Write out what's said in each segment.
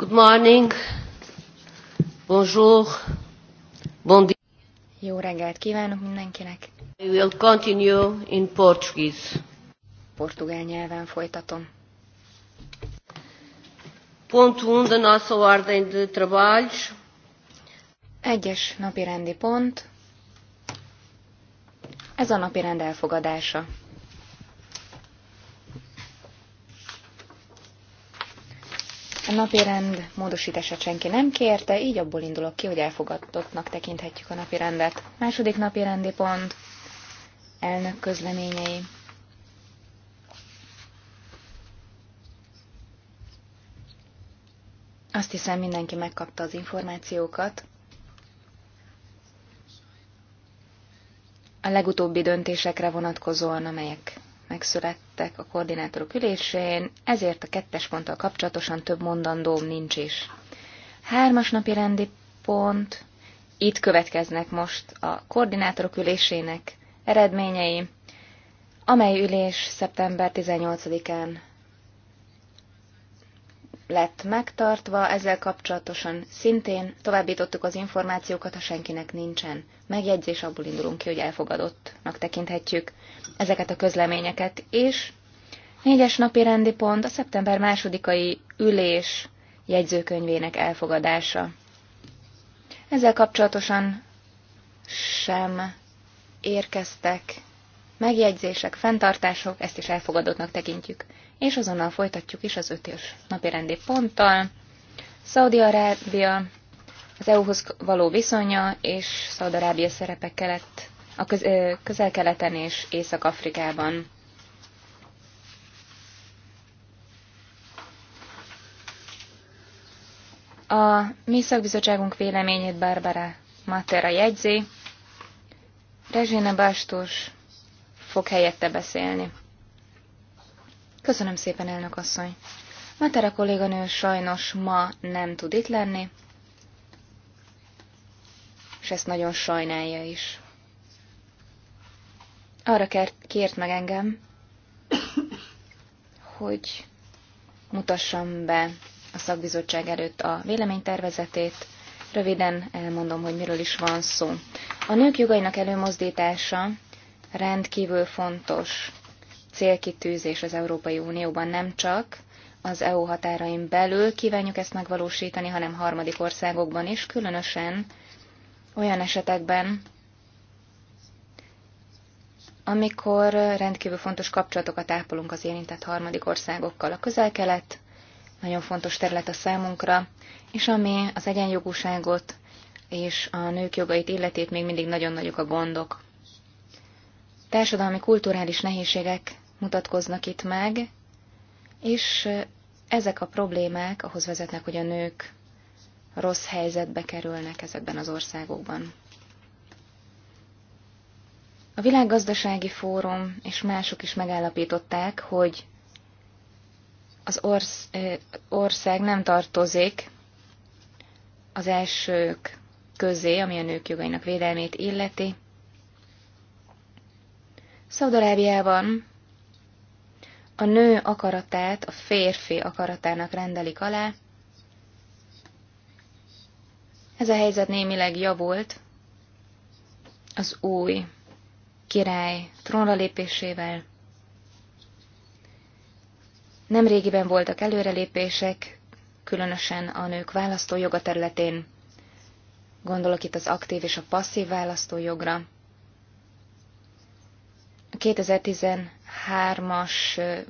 Good morning. Bonjour. Bon dia. Jó reggelt kívánok mindenkinek. We will continue in Portuguese. Portugál nyelven folytatom. Pont 1 um da nossa ordem de trabalhos. Egyes napi rendi pont. Ez a napi rend elfogadása. napirend módosítását senki nem kérte, így abból indulok ki, hogy elfogadottnak tekinthetjük a napirendet. Második napirendi pont, elnök közleményei. Azt hiszem mindenki megkapta az információkat. A legutóbbi döntésekre vonatkozóan, amelyek megszülettek a koordinátorok ülésén, ezért a kettes ponttal kapcsolatosan több mondandóm nincs is. Hármas napi rendi pont, itt következnek most a koordinátorok ülésének eredményei, amely ülés szeptember 18-án lett megtartva, ezzel kapcsolatosan szintén továbbítottuk az információkat, ha senkinek nincsen megjegyzés, abból indulunk ki, hogy elfogadottnak tekinthetjük ezeket a közleményeket. És négyes napi rendi pont a szeptember másodikai ülés jegyzőkönyvének elfogadása. Ezzel kapcsolatosan sem érkeztek megjegyzések, fenntartások, ezt is elfogadottnak tekintjük és azonnal folytatjuk is az ötös napi rendi ponttal. Szaudi-Arábia, az EU-hoz való viszonya, és Szaudi-Arábia szerepe kelet, a köz, közel-keleten és Észak-Afrikában. A mi szakbizottságunk véleményét Barbara Matera jegyzi, Rezsina Bastos fog helyette beszélni. Köszönöm szépen, elnök asszony. a kolléganő sajnos ma nem tud itt lenni, és ezt nagyon sajnálja is. Arra kért meg engem, hogy mutassam be a szakbizottság előtt a véleménytervezetét. Röviden elmondom, hogy miről is van szó. A nők jogainak előmozdítása rendkívül fontos célkitűzés az Európai Unióban nem csak az EU határain belül kívánjuk ezt megvalósítani, hanem harmadik országokban is, különösen olyan esetekben, amikor rendkívül fontos kapcsolatokat ápolunk az érintett harmadik országokkal. A közel-kelet nagyon fontos terület a számunkra, és ami az egyenjogúságot és a nők jogait illetét még mindig nagyon nagyok a gondok. Társadalmi kulturális nehézségek mutatkoznak itt meg, és ezek a problémák ahhoz vezetnek, hogy a nők rossz helyzetbe kerülnek ezekben az országokban. A Világgazdasági Fórum és mások is megállapították, hogy az orsz, ország nem tartozik az elsők közé, ami a nők jogainak védelmét illeti. Szaudarábiában a nő akaratát a férfi akaratának rendelik alá. Ez a helyzet némileg javult az új király trónra lépésével. Nemrégiben voltak előrelépések, különösen a nők választójoga területén. Gondolok itt az aktív és a passzív választójogra. 2013-as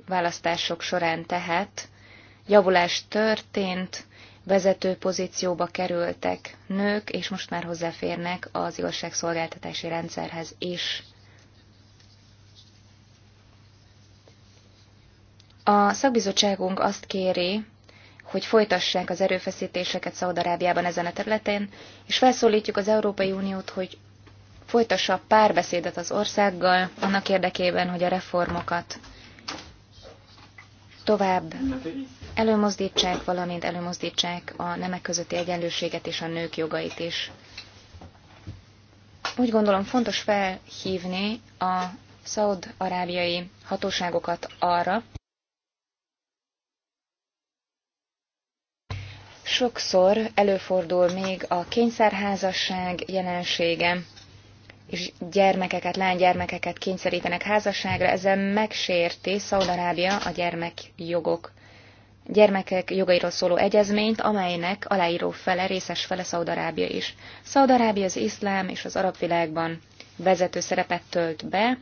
választások során tehát javulás történt, vezető pozícióba kerültek nők, és most már hozzáférnek az igazságszolgáltatási rendszerhez is. A szakbizottságunk azt kéri, hogy folytassák az erőfeszítéseket Szaudarábiában ezen a területen, és felszólítjuk az Európai Uniót, hogy folytassa a párbeszédet az országgal annak érdekében, hogy a reformokat tovább előmozdítsák, valamint előmozdítsák a nemek közötti egyenlőséget és a nők jogait is. Úgy gondolom fontos felhívni a szaud-arábiai hatóságokat arra, Sokszor előfordul még a kényszerházasság jelensége, és gyermekeket, lánygyermekeket kényszerítenek házasságra, ezzel megsérti Szaudarábia a gyermekjogok gyermekek jogairól szóló egyezményt, amelynek aláíró fele, részes fele Szaudarábia is. Szaudarábia az iszlám és az arab világban vezető szerepet tölt be,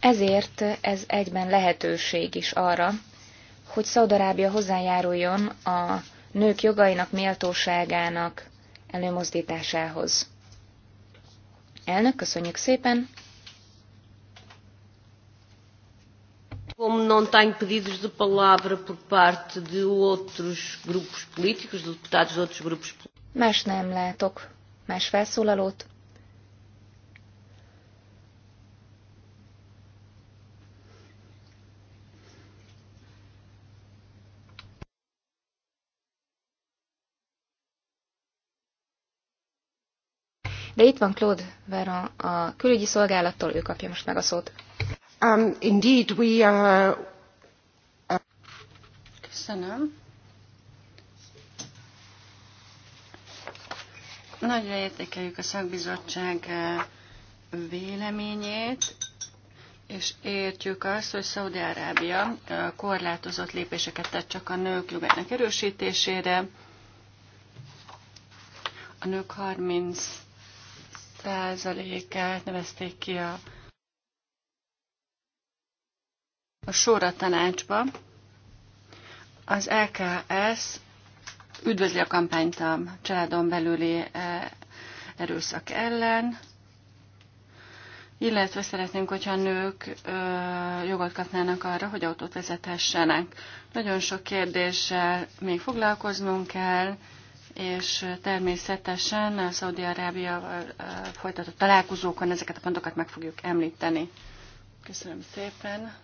ezért ez egyben lehetőség is arra, hogy Szaudarábia hozzájáruljon a nők jogainak, méltóságának előmozdításához. Elnök, köszönjük szépen. Como não tenho pedidos de palavra por parte de outros grupos políticos, de deputados de outros grupos políticos. Más nem látok. Más felszólalót. De itt van Claude Vera a külügyi szolgálattól, ő kapja most meg a szót. Um, indeed, we, uh, uh... Köszönöm. Nagyra értékeljük a szakbizottság uh, véleményét, és értjük azt, hogy Szaudi-Arábia uh, korlátozott lépéseket tett csak a nők jogának erősítésére. A nők 30 százalékát nevezték ki a, a sorra tanácsba. Az LKS üdvözli a kampányt a családon belüli e, erőszak ellen, illetve szeretnénk, hogyha a nők ö, jogot kapnának arra, hogy autót vezethessenek. Nagyon sok kérdéssel még foglalkoznunk kell, és természetesen a Szaudi-Arábia folytatott találkozókon ezeket a pontokat meg fogjuk említeni. Köszönöm szépen.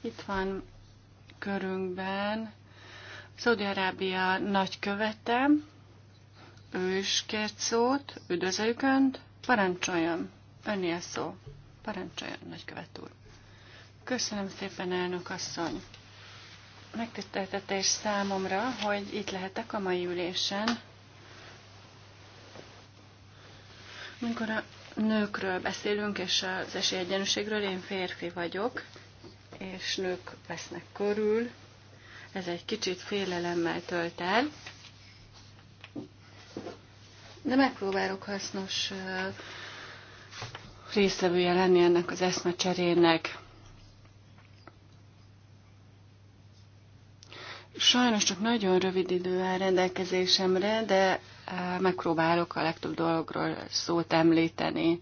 Itt van körünkben Szaudi-Arábia nagykövete, ő is kért szót, üdvözöljük Önt, parancsoljon, Önni a szó, parancsoljon, nagykövet úr. Köszönöm szépen, elnök asszony megtiszteltetés számomra, hogy itt lehetek a mai ülésen. Amikor a nőkről beszélünk, és az esélyegyenlőségről, én férfi vagyok, és nők vesznek körül. Ez egy kicsit félelemmel tölt el. De megpróbálok hasznos résztvevője lenni ennek az eszmecserének. Sajnos csak nagyon rövid idő áll rendelkezésemre, de eh, megpróbálok a legtöbb dologról szót említeni.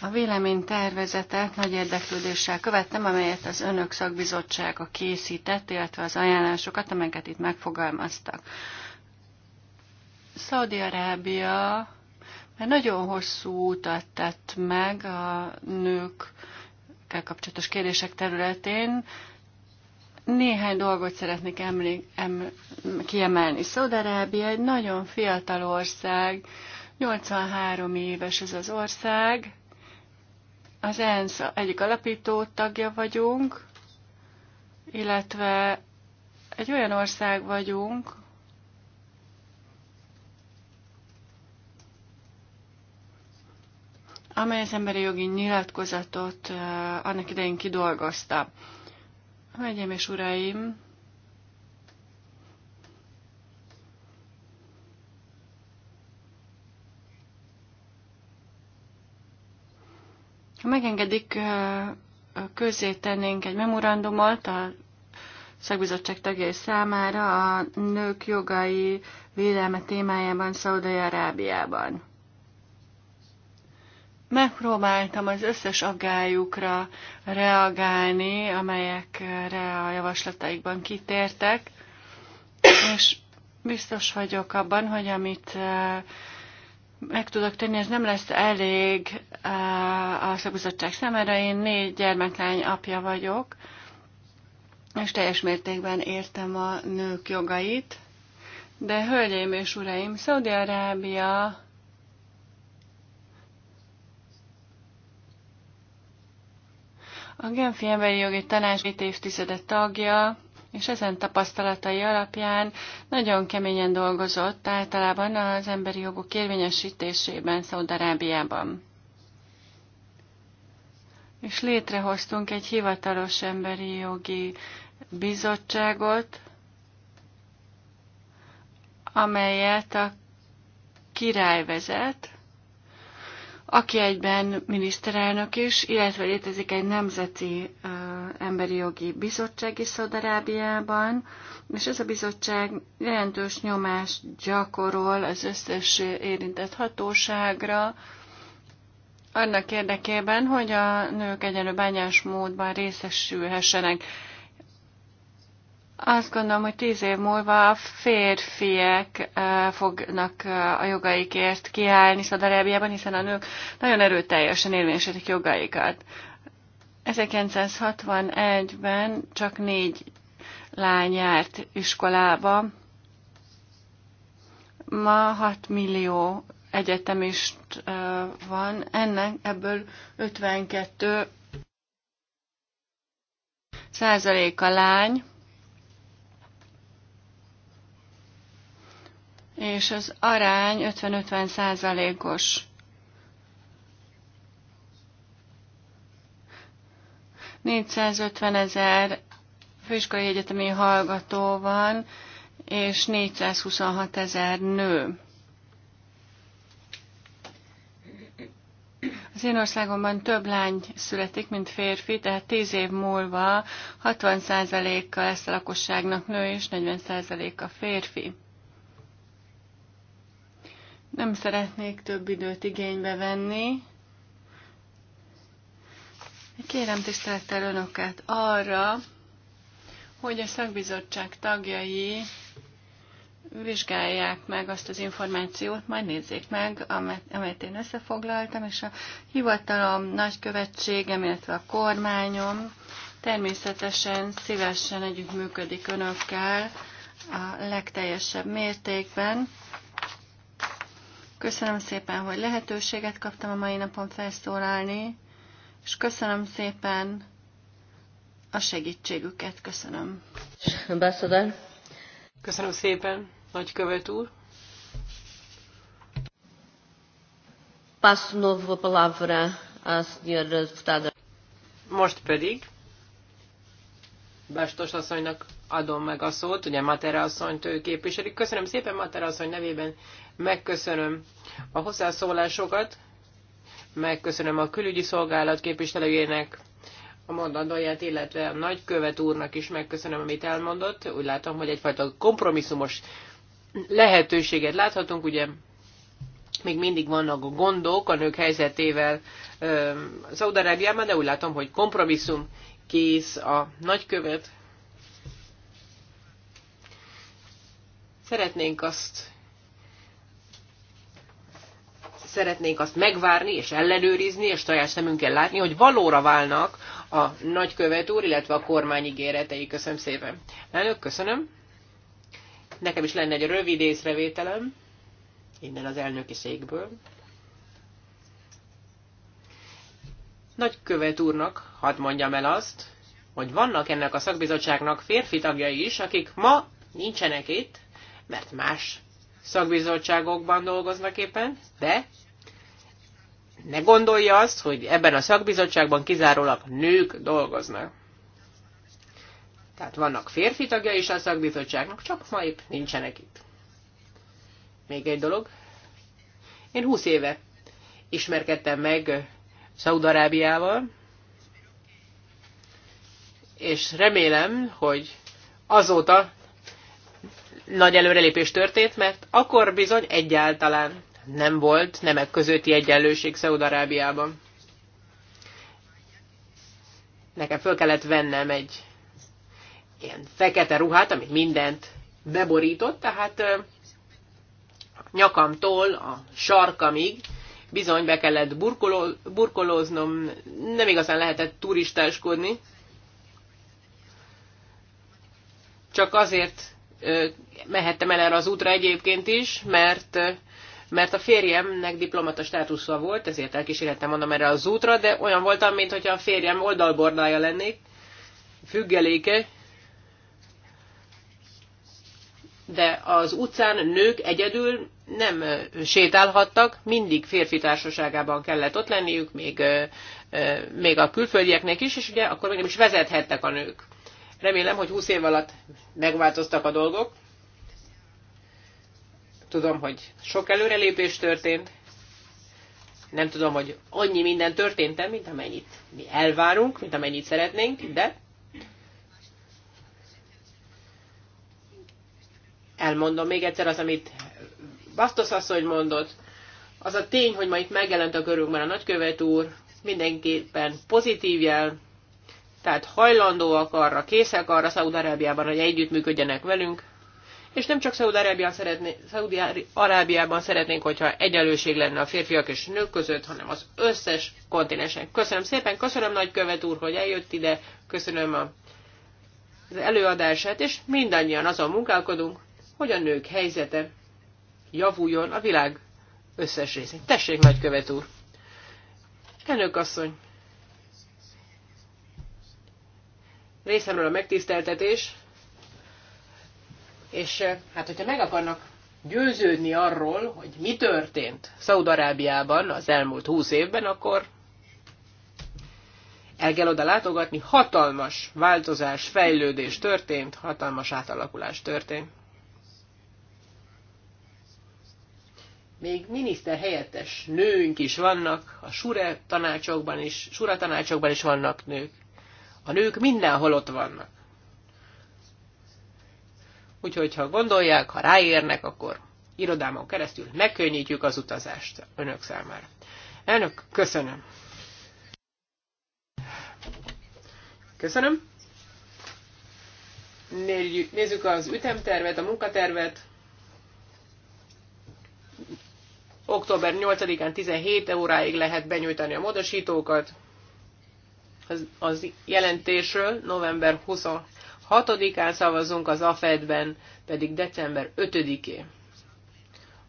A véleménytervezetet nagy érdeklődéssel követtem, amelyet az önök szakbizottsága készített, illetve az ajánlásokat, amelyeket itt megfogalmaztak. Szaudi-Arábia mert nagyon hosszú utat tett meg a nőkkel kapcsolatos kérdések területén, néhány dolgot szeretnék emlék, em, kiemelni. Szaudarábia egy nagyon fiatal ország, 83 éves ez az ország. Az ENSZ egyik alapító tagja vagyunk, illetve egy olyan ország vagyunk, amely az emberi jogi nyilatkozatot eh, annak idején kidolgozta. Hölgyeim és uraim, Ha megengedik, közé tennénk egy memorandumot a szakbizottság tagjai számára a nők jogai védelme témájában Szaudai-Arábiában. Megpróbáltam az összes aggályukra reagálni, amelyekre a javaslataikban kitértek, és biztos vagyok abban, hogy amit eh, meg tudok tenni, ez nem lesz elég eh, a szakbizottság számára. Én négy gyermeklány apja vagyok, és teljes mértékben értem a nők jogait. De hölgyeim és uraim, Szaudi-Arábia A Genfi Emberi Jogi Tanács két évtizede tagja, és ezen tapasztalatai alapján nagyon keményen dolgozott általában az emberi jogok érvényesítésében Szaudarábiában. És létrehoztunk egy hivatalos emberi jogi bizottságot, amelyet a király vezet, aki egyben miniszterelnök is, illetve létezik egy nemzeti uh, emberi jogi bizottság is Szaudarábiában, és ez a bizottság jelentős nyomást gyakorol az összes érintett hatóságra, annak érdekében, hogy a nők egyenlő bányásmódban részesülhessenek. Azt gondolom, hogy tíz év múlva a férfiek fognak a jogaikért kiállni Szadarábiában, hiszen a nők nagyon erőteljesen érvényesítik jogaikat. 1961-ben csak négy lány járt iskolába. Ma 6 millió egyetemist van, ennek ebből 52 százaléka lány. és az arány 50-50 százalékos. -50 ezer főiskolai egyetemi hallgató van, és 426 ezer nő. Az én országomban több lány születik, mint férfi, tehát 10 év múlva 60%-a lesz a lakosságnak nő, és 40%-a férfi. Nem szeretnék több időt igénybe venni. Kérem tisztelettel önöket arra, hogy a szakbizottság tagjai vizsgálják meg azt az információt, majd nézzék meg, amelyet én összefoglaltam, és a hivatalom, nagykövetségem, illetve a kormányom természetesen szívesen együttműködik önökkel a legteljesebb mértékben. Köszönöm szépen, hogy lehetőséget kaptam a mai napon felszólalni, és köszönöm szépen a segítségüket. Köszönöm. Ambassador. Köszönöm szépen, követ úr. Passo novo a palavra à senhora deputada. Most pedig Bastos asszonynak adom meg a szót, ugye Matera asszonyt ő képviseli. Köszönöm szépen Matera asszony nevében, megköszönöm a hozzászólásokat, megköszönöm a külügyi szolgálat képviselőjének a mondandóját, illetve a nagykövet úrnak is megköszönöm, amit elmondott. Úgy látom, hogy egyfajta kompromisszumos lehetőséget láthatunk, ugye még mindig vannak a gondok a nők helyzetével Szaudarábiában, de úgy látom, hogy kompromisszum kész a nagykövet Szeretnénk azt szeretnénk azt megvárni és ellenőrizni, és saját szemünkkel látni, hogy valóra válnak a nagykövet úr, illetve a kormány ígéretei. Köszönöm szépen. Elnök, köszönöm. Nekem is lenne egy rövid észrevételem innen az elnöki székből. Nagykövet úrnak hadd mondjam el azt, hogy vannak ennek a szakbizottságnak férfi tagjai is, akik ma nincsenek itt, mert más szakbizottságokban dolgoznak éppen, de ne gondolja azt, hogy ebben a szakbizottságban kizárólag nők dolgoznak. Tehát vannak férfi tagja is a szakbizottságnak, csak ma épp nincsenek itt. Még egy dolog. Én 20 éve ismerkedtem meg Szaudarábiával, és remélem, hogy azóta nagy előrelépés történt, mert akkor bizony egyáltalán nem volt nemek közötti egyenlőség Szaudarábiában. Nekem föl kellett vennem egy ilyen fekete ruhát, amit mindent beborított, tehát nyakamtól a sarkamig bizony be kellett burkoló, burkolóznom, nem igazán lehetett turistáskodni, csak azért mehettem el erre az útra egyébként is, mert mert a férjemnek diplomata státusza volt, ezért elkísérhettem mondom erre az útra, de olyan voltam, mintha a férjem oldalbordája lennék, függeléke, de az utcán nők egyedül nem sétálhattak, mindig férfi társaságában kellett ott lenniük, még, még a külföldieknek is, és ugye akkor még nem is vezethettek a nők. Remélem, hogy 20 év alatt megváltoztak a dolgok. Tudom, hogy sok előrelépés történt. Nem tudom, hogy annyi minden történt mint amennyit mi elvárunk, mint amennyit szeretnénk, de elmondom még egyszer az, amit Bastos asszony mondott, az a tény, hogy ma itt megjelent a körünkben a nagykövet úr, mindenképpen pozitív jel, tehát hajlandóak arra, készek arra Szaúd-Arábiában, hogy együttműködjenek velünk, és nem csak Szaúd-Arábiában szeretné, szeretnénk, hogyha egyenlőség lenne a férfiak és nők között, hanem az összes kontinensen. Köszönöm szépen, köszönöm nagykövet úr, hogy eljött ide, köszönöm a, az előadását, és mindannyian azon munkálkodunk, hogy a nők helyzete javuljon a világ összes részén. Tessék, nagykövet úr! Elnök asszony! részemről a megtiszteltetés, és eh, hát hogyha meg akarnak győződni arról, hogy mi történt Szaudarábiában az elmúlt húsz évben, akkor el kell oda látogatni, hatalmas változás, fejlődés történt, hatalmas átalakulás történt. Még miniszter helyettes nőink is vannak, a sure tanácsokban is, sura tanácsokban is vannak nők. A nők mindenhol ott vannak. Úgyhogy, ha gondolják, ha ráérnek, akkor irodámon keresztül megkönnyítjük az utazást önök számára. Elnök, köszönöm. Köszönöm. Nézzük az ütemtervet, a munkatervet. Október 8-án 17 óráig lehet benyújtani a módosítókat az, az jelentésről november 26-án szavazunk, az AFED-ben pedig december 5-én.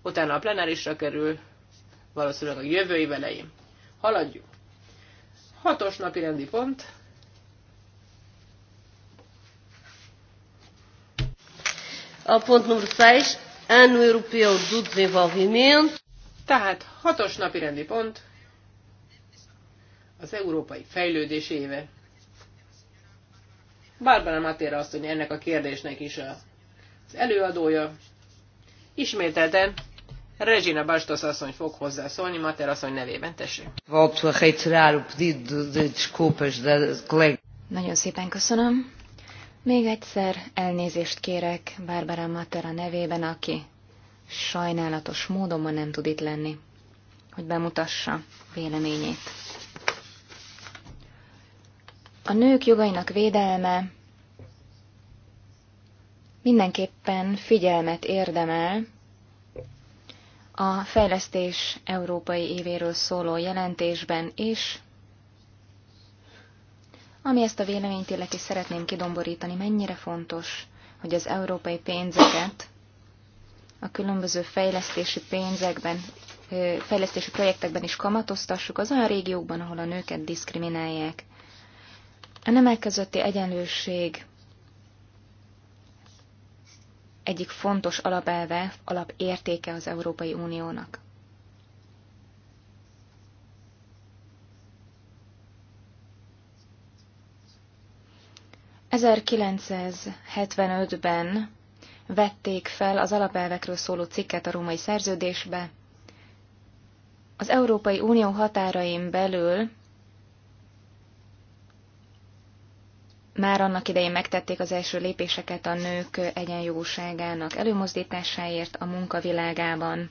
Utána a plenárisra kerül, valószínűleg a jövő év elején. Haladjuk. Hatos napi rendi pont. A pont nr. 6, Ano Europeu do Desenvolvimento. Tehát hatos napi rendi pont, az európai fejlődés éve. Barbara Matéra mondja ennek a kérdésnek is az előadója. Ismételten Regina Bastos asszony fog hozzászólni Matéra asszony nevében, tessék. Nagyon szépen köszönöm. Még egyszer elnézést kérek Barbara Matera nevében, aki sajnálatos módon ma nem tud itt lenni, hogy bemutassa véleményét. A nők jogainak védelme mindenképpen figyelmet érdemel a fejlesztés európai évéről szóló jelentésben is, ami ezt a véleményt illeti szeretném kidomborítani, mennyire fontos, hogy az európai pénzeket a különböző fejlesztési pénzekben, fejlesztési projektekben is kamatoztassuk az olyan régiókban, ahol a nőket diszkriminálják. A nemek közötti egyenlőség egyik fontos alapelve, alapértéke az Európai Uniónak. ...1975-ben vették fel az alapelvekről szóló cikket a római szerződésbe. Az Európai Unió határain belül Már annak idején megtették az első lépéseket a nők egyenjogúságának előmozdításáért a munkavilágában.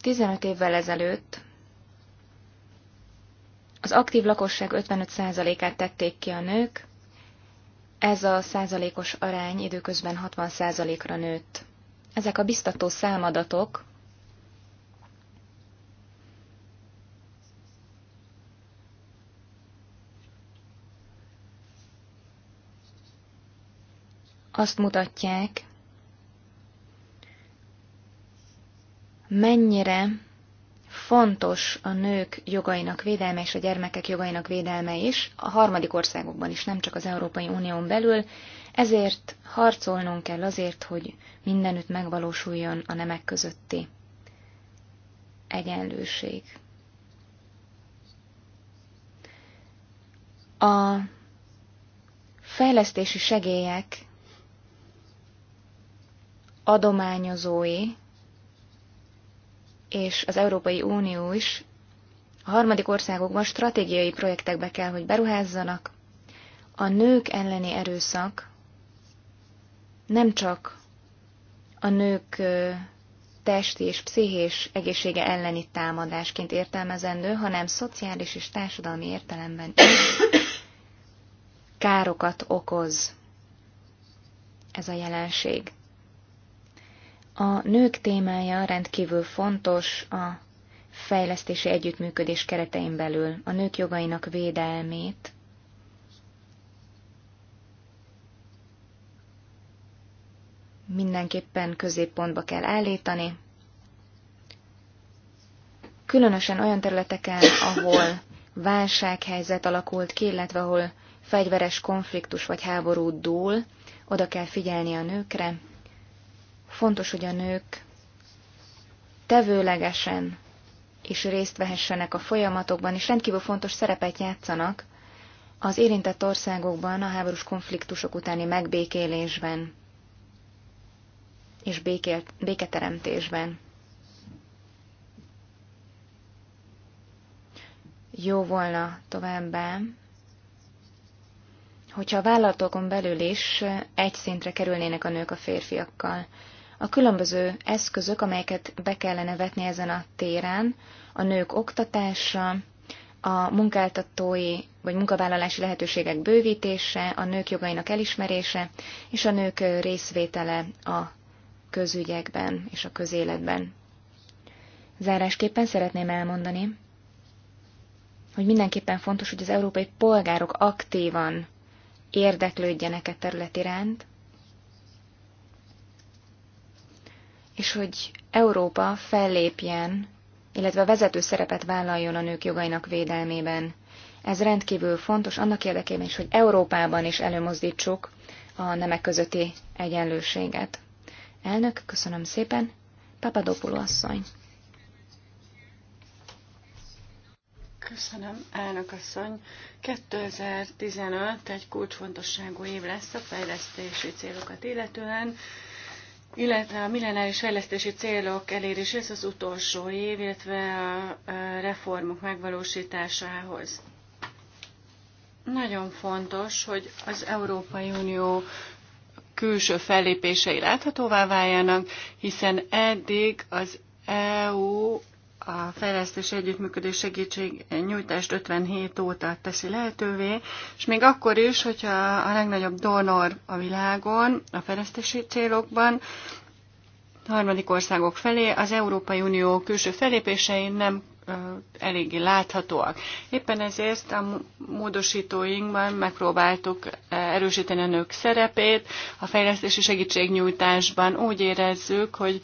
Tizenöt évvel ezelőtt az aktív lakosság 55%-át tették ki a nők, ez a százalékos arány időközben 60%-ra nőtt. Ezek a biztató számadatok azt mutatják, mennyire fontos a nők jogainak védelme és a gyermekek jogainak védelme is, a harmadik országokban is, nem csak az Európai Unión belül, ezért harcolnunk kell azért, hogy mindenütt megvalósuljon a nemek közötti egyenlőség. A fejlesztési segélyek adományozói és az Európai Unió is a harmadik országokban stratégiai projektekbe kell, hogy beruházzanak. A nők elleni erőszak nem csak a nők testi és pszichés egészsége elleni támadásként értelmezendő, hanem szociális és társadalmi értelemben is károkat okoz ez a jelenség. A nők témája rendkívül fontos a fejlesztési együttműködés keretein belül, a nők jogainak védelmét. Mindenképpen középpontba kell állítani, különösen olyan területeken, ahol válsághelyzet alakult ki, illetve ahol fegyveres konfliktus vagy háború dúl, oda kell figyelni a nőkre, Fontos, hogy a nők tevőlegesen is részt vehessenek a folyamatokban, és rendkívül fontos szerepet játszanak az érintett országokban a háborús konfliktusok utáni megbékélésben és békélt, béketeremtésben. Jó volna továbbá, hogyha a vállalatokon belül is egy szintre kerülnének a nők a férfiakkal a különböző eszközök, amelyeket be kellene vetni ezen a téren, a nők oktatása, a munkáltatói vagy munkavállalási lehetőségek bővítése, a nők jogainak elismerése és a nők részvétele a közügyekben és a közéletben. Zárásképpen szeretném elmondani, hogy mindenképpen fontos, hogy az európai polgárok aktívan érdeklődjenek e terület iránt, és hogy Európa fellépjen, illetve vezető szerepet vállaljon a nők jogainak védelmében. Ez rendkívül fontos annak érdekében is, hogy Európában is előmozdítsuk a nemek közötti egyenlőséget. Elnök, köszönöm szépen. Papadopoulou asszony. Köszönöm, elnök asszony. 2015 egy kulcsfontosságú év lesz a fejlesztési célokat illetően, illetve a millenáris fejlesztési célok eléréséhez az utolsó év, illetve a reformok megvalósításához. Nagyon fontos, hogy az Európai Unió külső fellépései láthatóvá váljanak, hiszen eddig az EU a fejlesztés együttműködés segítség nyújtást 57 óta teszi lehetővé, és még akkor is, hogyha a legnagyobb donor a világon, a fejlesztési célokban, harmadik országok felé, az Európai Unió külső felépései nem eléggé láthatóak. Éppen ezért a módosítóinkban megpróbáltuk erősíteni a nők szerepét, a fejlesztési segítségnyújtásban úgy érezzük, hogy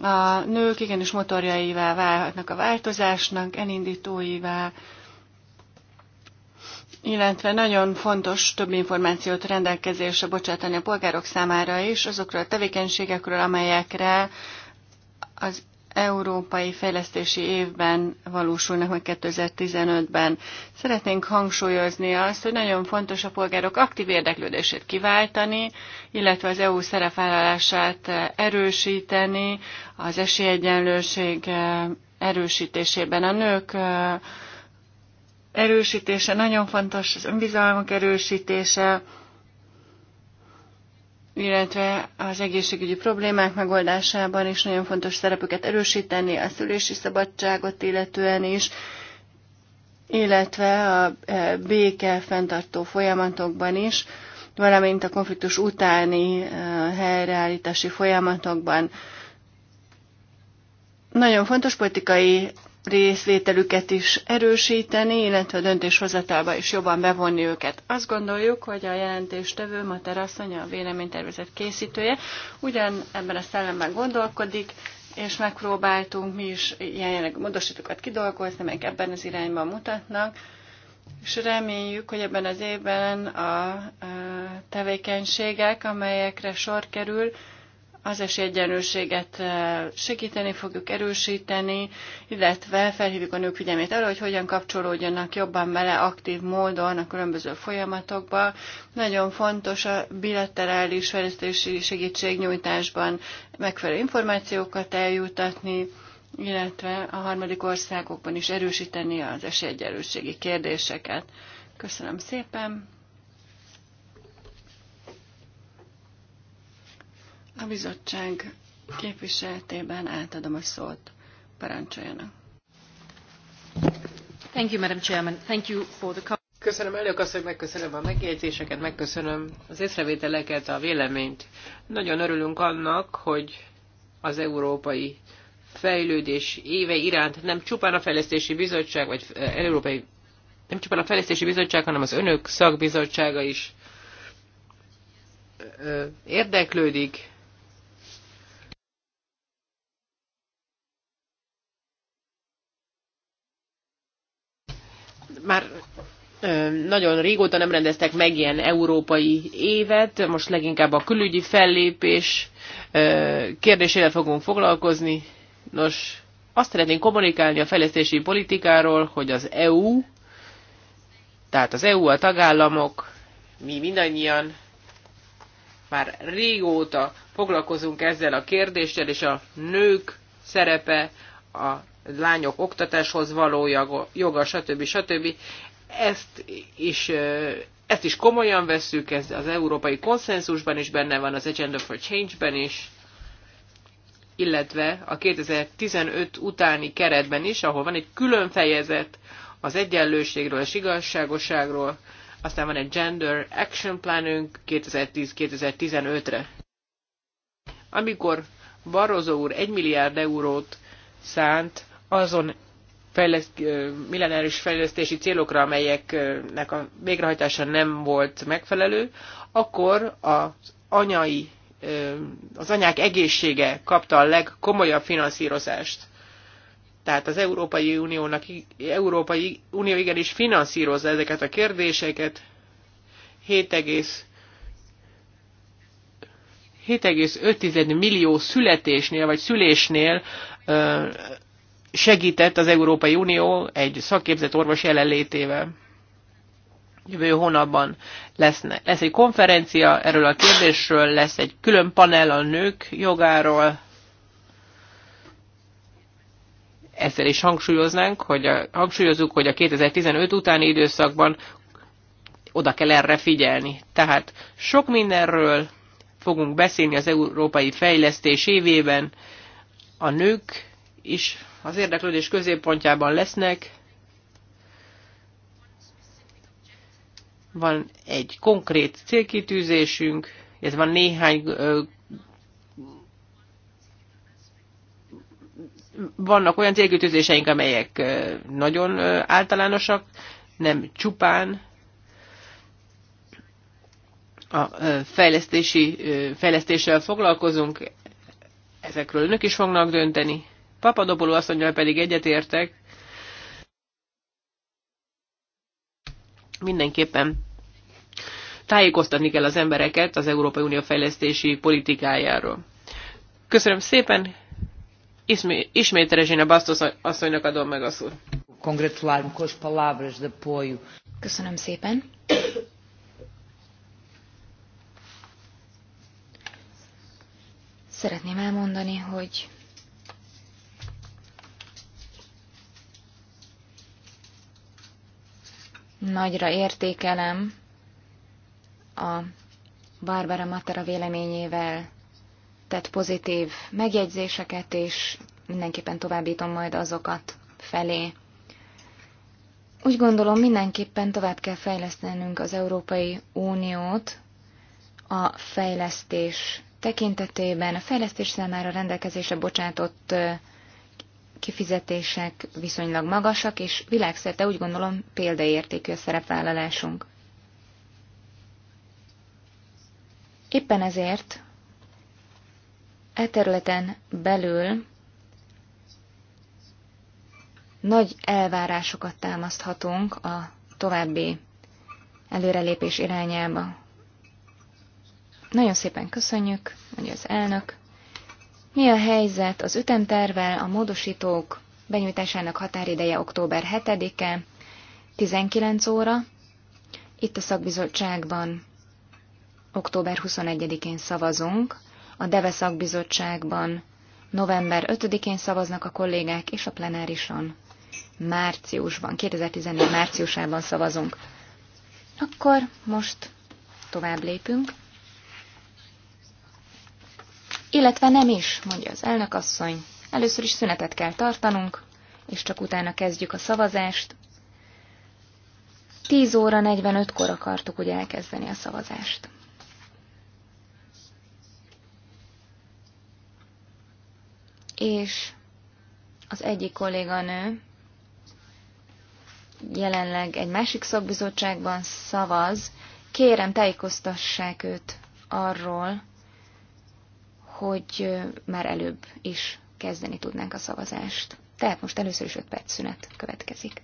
a nők igenis motorjaivá válhatnak a változásnak, elindítóivá, illetve nagyon fontos több információt rendelkezésre bocsátani a polgárok számára is, azokról a tevékenységekről, amelyekre az európai fejlesztési évben valósulnak meg 2015-ben. Szeretnénk hangsúlyozni azt, hogy nagyon fontos a polgárok aktív érdeklődését kiváltani, illetve az EU szerepvállalását erősíteni, az esélyegyenlőség eh, erősítésében a nők eh, erősítése nagyon fontos, az önbizalmak erősítése, illetve az egészségügyi problémák megoldásában is nagyon fontos szerepüket erősíteni, a szülési szabadságot illetően is, illetve a e, béke fenntartó folyamatokban is, valamint a konfliktus utáni e, helyreállítási folyamatokban. Nagyon fontos politikai részvételüket is erősíteni, illetve a döntéshozatalba is jobban bevonni őket. Azt gondoljuk, hogy a jelentéstevő, Mater asszony, a véleménytervezet készítője ugyan ebben a szellemben gondolkodik, és megpróbáltunk mi is ilyen jellegű módosítókat kidolgozni, amelyek ebben az irányban mutatnak, és reméljük, hogy ebben az évben a tevékenységek, amelyekre sor kerül, az esélyegyenlőséget segíteni fogjuk, erősíteni, illetve felhívjuk a nők figyelmét arra, hogy hogyan kapcsolódjanak jobban bele aktív módon a különböző folyamatokba. Nagyon fontos a bilaterális fejlesztési segítségnyújtásban megfelelő információkat eljutatni, illetve a harmadik országokban is erősíteni az esélyegyenlőségi kérdéseket. Köszönöm szépen! A bizottság képviseletében átadom a szót. Parancsoljanak. Thank you, Madam Chairman. Thank you for the... Köszönöm elnök azt, hogy megköszönöm a megjegyzéseket, megköszönöm az észrevételeket, a véleményt. Nagyon örülünk annak, hogy az európai fejlődés éve iránt nem csupán a Fejlesztési Bizottság, vagy eh, Európai, nem csupán a Fejlesztési Bizottság, hanem az önök szakbizottsága is eh, érdeklődik. már nagyon régóta nem rendeztek meg ilyen európai évet, most leginkább a külügyi fellépés kérdésével fogunk foglalkozni. Nos, azt szeretnénk kommunikálni a fejlesztési politikáról, hogy az EU, tehát az EU, a tagállamok, mi mindannyian már régóta foglalkozunk ezzel a kérdéssel, és a nők szerepe a lányok oktatáshoz való joga, stb. stb. Ezt is, ezt is komolyan vesszük, ez az európai konszenzusban is benne van, az Agenda for Change-ben is, illetve a 2015 utáni keretben is, ahol van egy külön fejezet az egyenlőségről és igazságosságról, aztán van egy Gender Action Planünk 2010-2015-re. Amikor Barroso úr 1 milliárd eurót szánt azon fejleszt, millenáris fejlesztési célokra, amelyeknek a végrehajtása nem volt megfelelő, akkor az anyai, az anyák egészsége kapta a legkomolyabb finanszírozást. Tehát az Európai, Uniónak, Európai Unió igenis finanszírozza ezeket a kérdéseket. 7,5 millió születésnél vagy szülésnél segített az Európai Unió egy szakképzett orvos jelenlétével. Jövő hónapban lesz, lesz egy konferencia erről a kérdésről, lesz egy külön panel a nők jogáról. Ezzel is hangsúlyoznánk, hogy a, hangsúlyozunk, hogy a 2015 utáni időszakban oda kell erre figyelni. Tehát sok mindenről fogunk beszélni az európai fejlesztés évében. A nők is az érdeklődés középpontjában lesznek. Van egy konkrét célkitűzésünk, ez van néhány vannak olyan célkitűzéseink, amelyek nagyon általánosak, nem csupán a fejlesztési, fejlesztéssel foglalkozunk, ezekről önök is fognak dönteni. Papadopoló asszonyjal pedig egyetértek. Mindenképpen tájékoztatni kell az embereket az Európai Unió fejlesztési politikájáról. Köszönöm szépen, ismét a Basztos asszonynak adom meg a szót. Köszönöm szépen. Szeretném elmondani, hogy Nagyra értékelem a Barbara Matera véleményével tett pozitív megjegyzéseket, és mindenképpen továbbítom majd azokat felé. Úgy gondolom, mindenképpen tovább kell fejlesztenünk az Európai Uniót a fejlesztés tekintetében, a fejlesztés számára rendelkezésre bocsátott kifizetések viszonylag magasak, és világszerte úgy gondolom példaértékű a szerepvállalásunk. Éppen ezért e területen belül nagy elvárásokat támaszthatunk a további előrelépés irányába. Nagyon szépen köszönjük, mondja az elnök. Mi a helyzet az ütemtervel, a módosítók benyújtásának határideje október 7-e, 19 óra, itt a szakbizottságban október 21-én szavazunk, a DEVE szakbizottságban november 5-én szavaznak a kollégák, és a plenárison márciusban, 2014 márciusában szavazunk. Akkor most tovább lépünk. Illetve nem is, mondja az elnökasszony. Először is szünetet kell tartanunk, és csak utána kezdjük a szavazást. 10 óra 45-kor akartuk ugye elkezdeni a szavazást. És az egyik kolléganő jelenleg egy másik szakbizottságban szavaz, kérem tájékoztassák őt arról, hogy már előbb is kezdeni tudnánk a szavazást. Tehát most először is 5 perc szünet következik.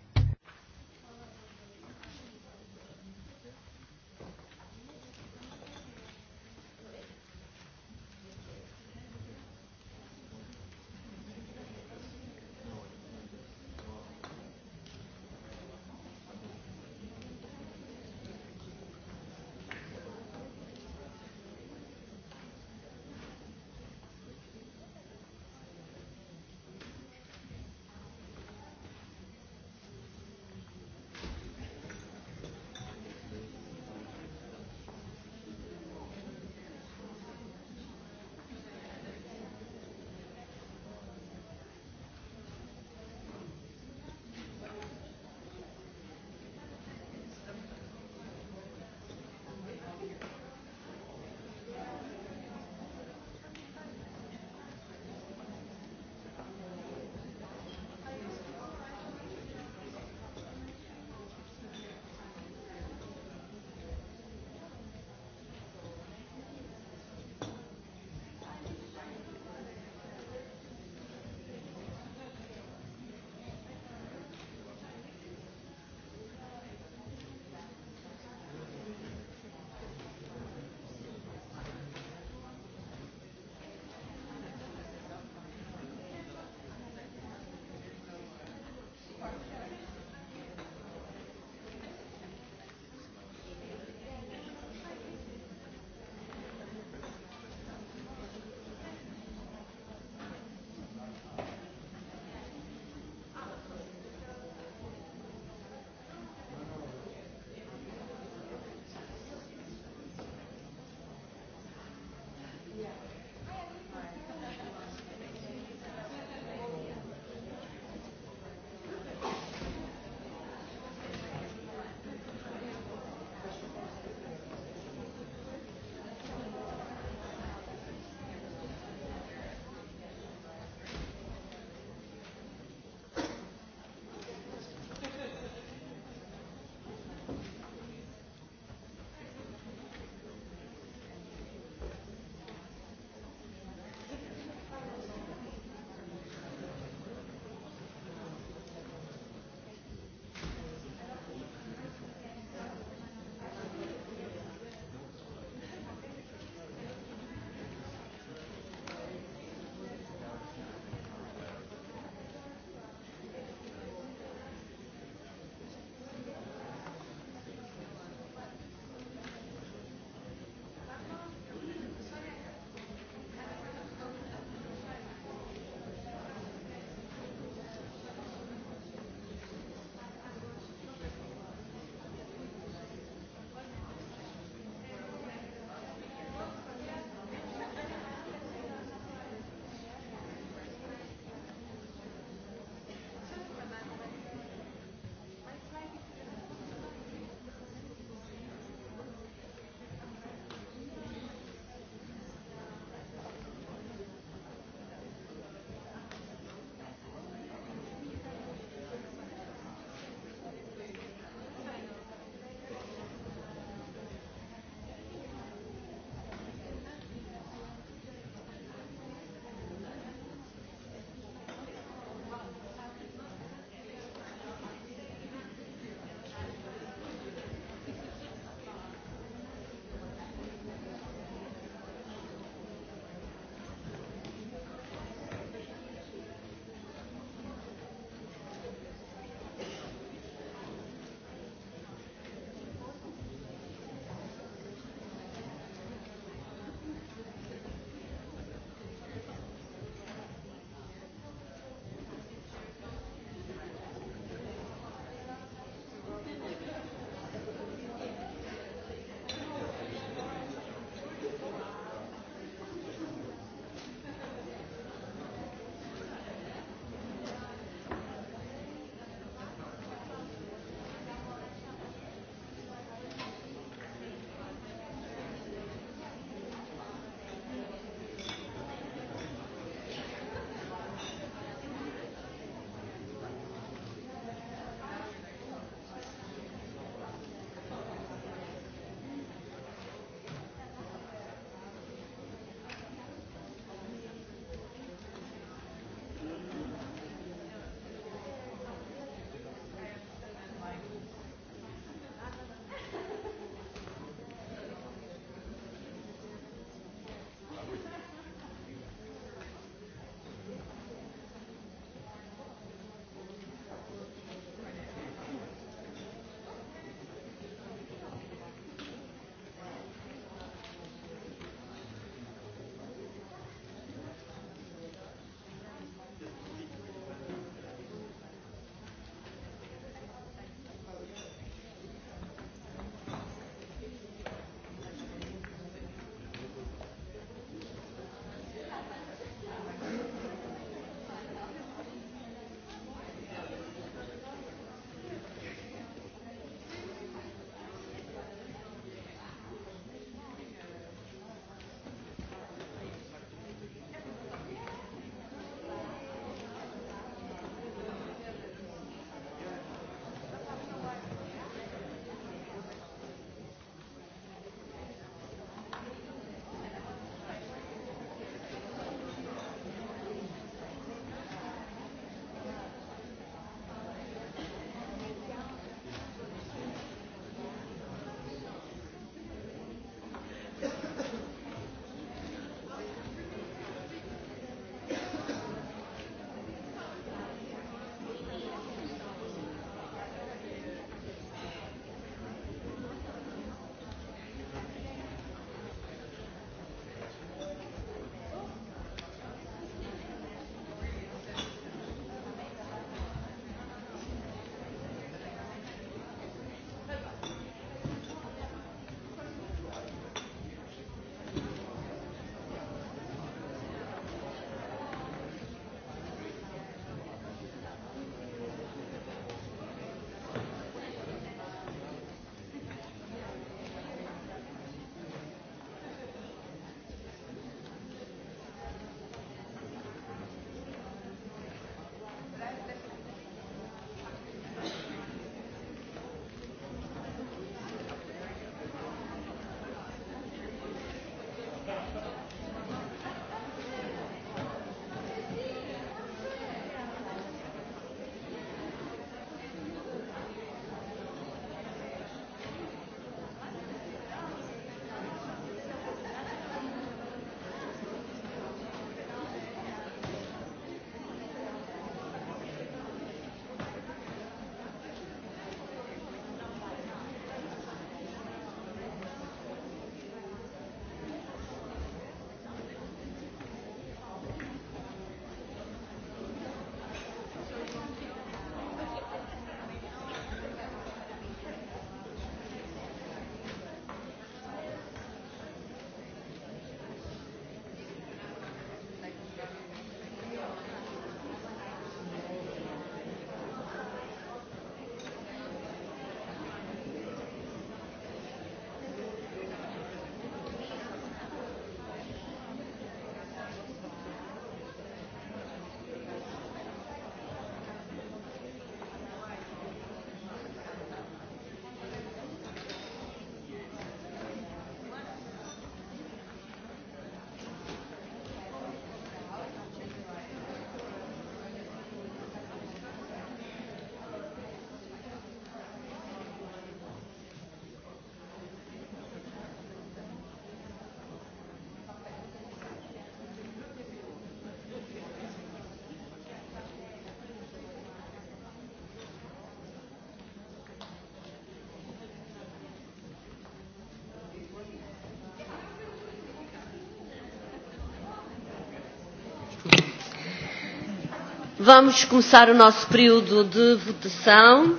Vamos começar o nosso período de votação.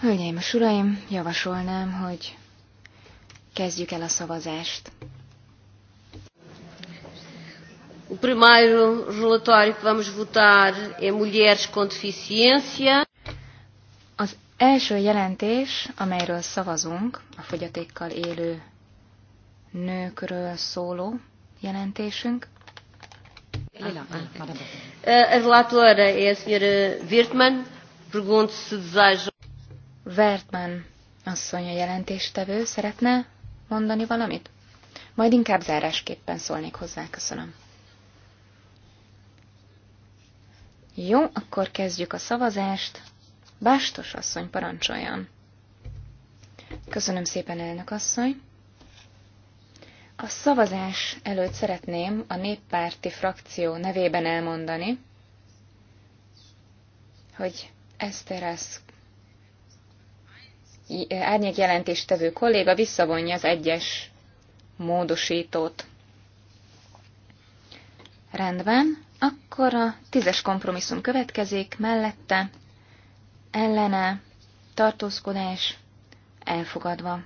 Hölgyeim és uraim, javasolnám, hogy kezdjük el a szavazást. O primeiro relatório que vamos votar é Mulheres com Deficiência. Az első jelentés, amelyről szavazunk, a fogyatékkal élő nőkről szóló jelentésünk, a ah, relatora ah, eh, é a senhora Wirtmann. Pergunto se deseja... Wertmann asszony a jelentéstevő szeretne mondani valamit? Majd inkább zárásképpen szólnék hozzá, köszönöm. Jó, akkor kezdjük a szavazást. Bástos asszony parancsoljon. Köszönöm szépen, elnök asszony. A szavazás előtt szeretném a néppárti frakció nevében elmondani, hogy Eszteres árnyék jelentéstevő kolléga visszavonja az egyes módosítót. Rendben, akkor a tízes kompromisszum következik, mellette, ellene, tartózkodás, elfogadva.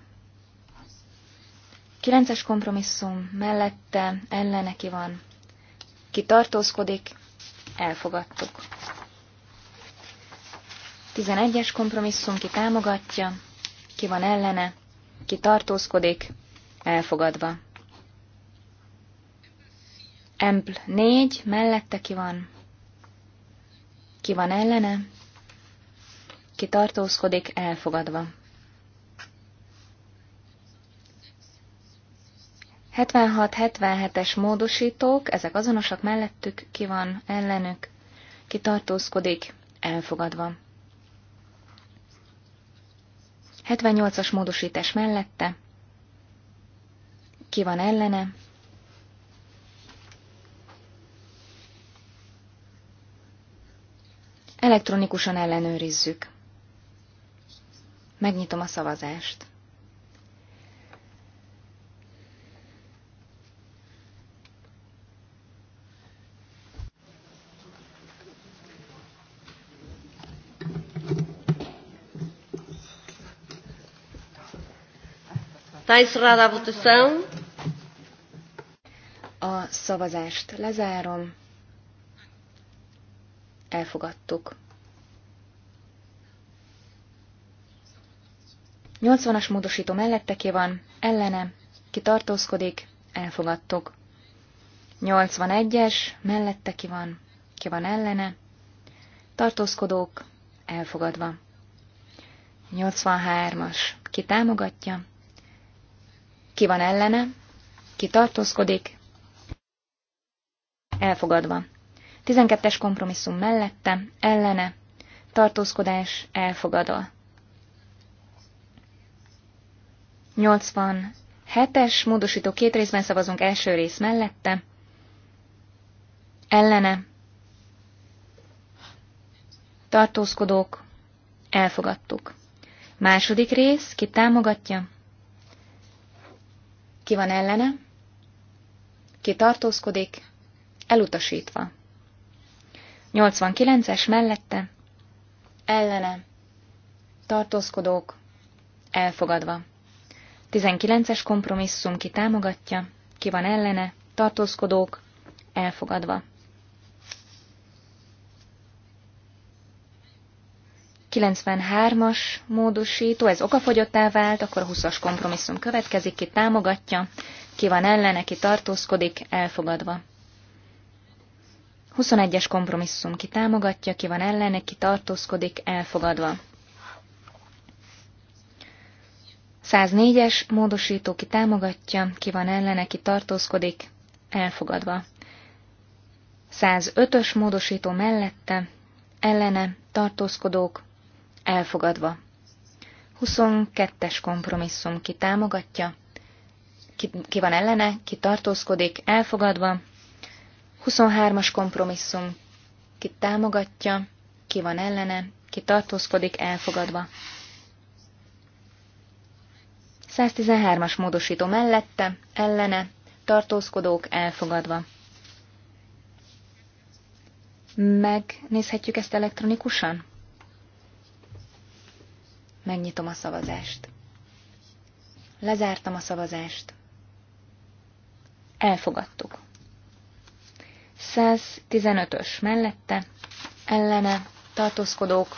Kilences kompromisszum mellette ellene ki van. Ki tartózkodik, elfogadtuk. Tizenegyes kompromisszum ki támogatja, ki van ellene, ki tartózkodik, elfogadva. Empl 4, mellette ki van? Ki van ellene? Ki tartózkodik, elfogadva. 76-77-es módosítók, ezek azonosak mellettük, ki van ellenük, ki tartózkodik, elfogadva. 78-as módosítás mellette, ki van ellene, elektronikusan ellenőrizzük. Megnyitom a szavazást. Está encerrada a votação. A szavazást lezárom. Elfogadtuk. 80-as módosító mellette ki van, ellene, ki tartózkodik, elfogadtuk. 81-es mellette ki van, ki van ellene, tartózkodók, elfogadva. 83-as, ki támogatja, ki van ellene? Ki tartózkodik? Elfogadva. 12-es kompromisszum mellette, ellene, tartózkodás elfogadva. 87-es módosító két részben szavazunk első rész mellette, ellene, tartózkodók, elfogadtuk. Második rész, ki támogatja? Ki van ellene? Ki tartózkodik? Elutasítva. 89-es mellette? Ellene. Tartózkodók? Elfogadva. 19-es kompromisszum ki támogatja? Ki van ellene? Tartózkodók? Elfogadva. 93-as módosító, ez okafogyottá vált, akkor a 20-as kompromisszum következik, ki támogatja, ki van ellene, ki tartózkodik, elfogadva. 21-es kompromisszum, ki támogatja, ki van ellene, ki tartózkodik, elfogadva. 104-es módosító, ki támogatja, ki van ellene, ki tartózkodik, elfogadva. 105-ös módosító mellette, ellene tartózkodók elfogadva. 22-es kompromisszum ki támogatja, ki, ki van ellene, ki tartózkodik, elfogadva. 23-as kompromisszum ki támogatja, ki van ellene, ki tartózkodik, elfogadva. 113-as módosító mellette, ellene, tartózkodók elfogadva. Megnézhetjük ezt elektronikusan? Megnyitom a szavazást. Lezártam a szavazást. Elfogadtuk. 115-ös mellette, ellene, tartózkodók,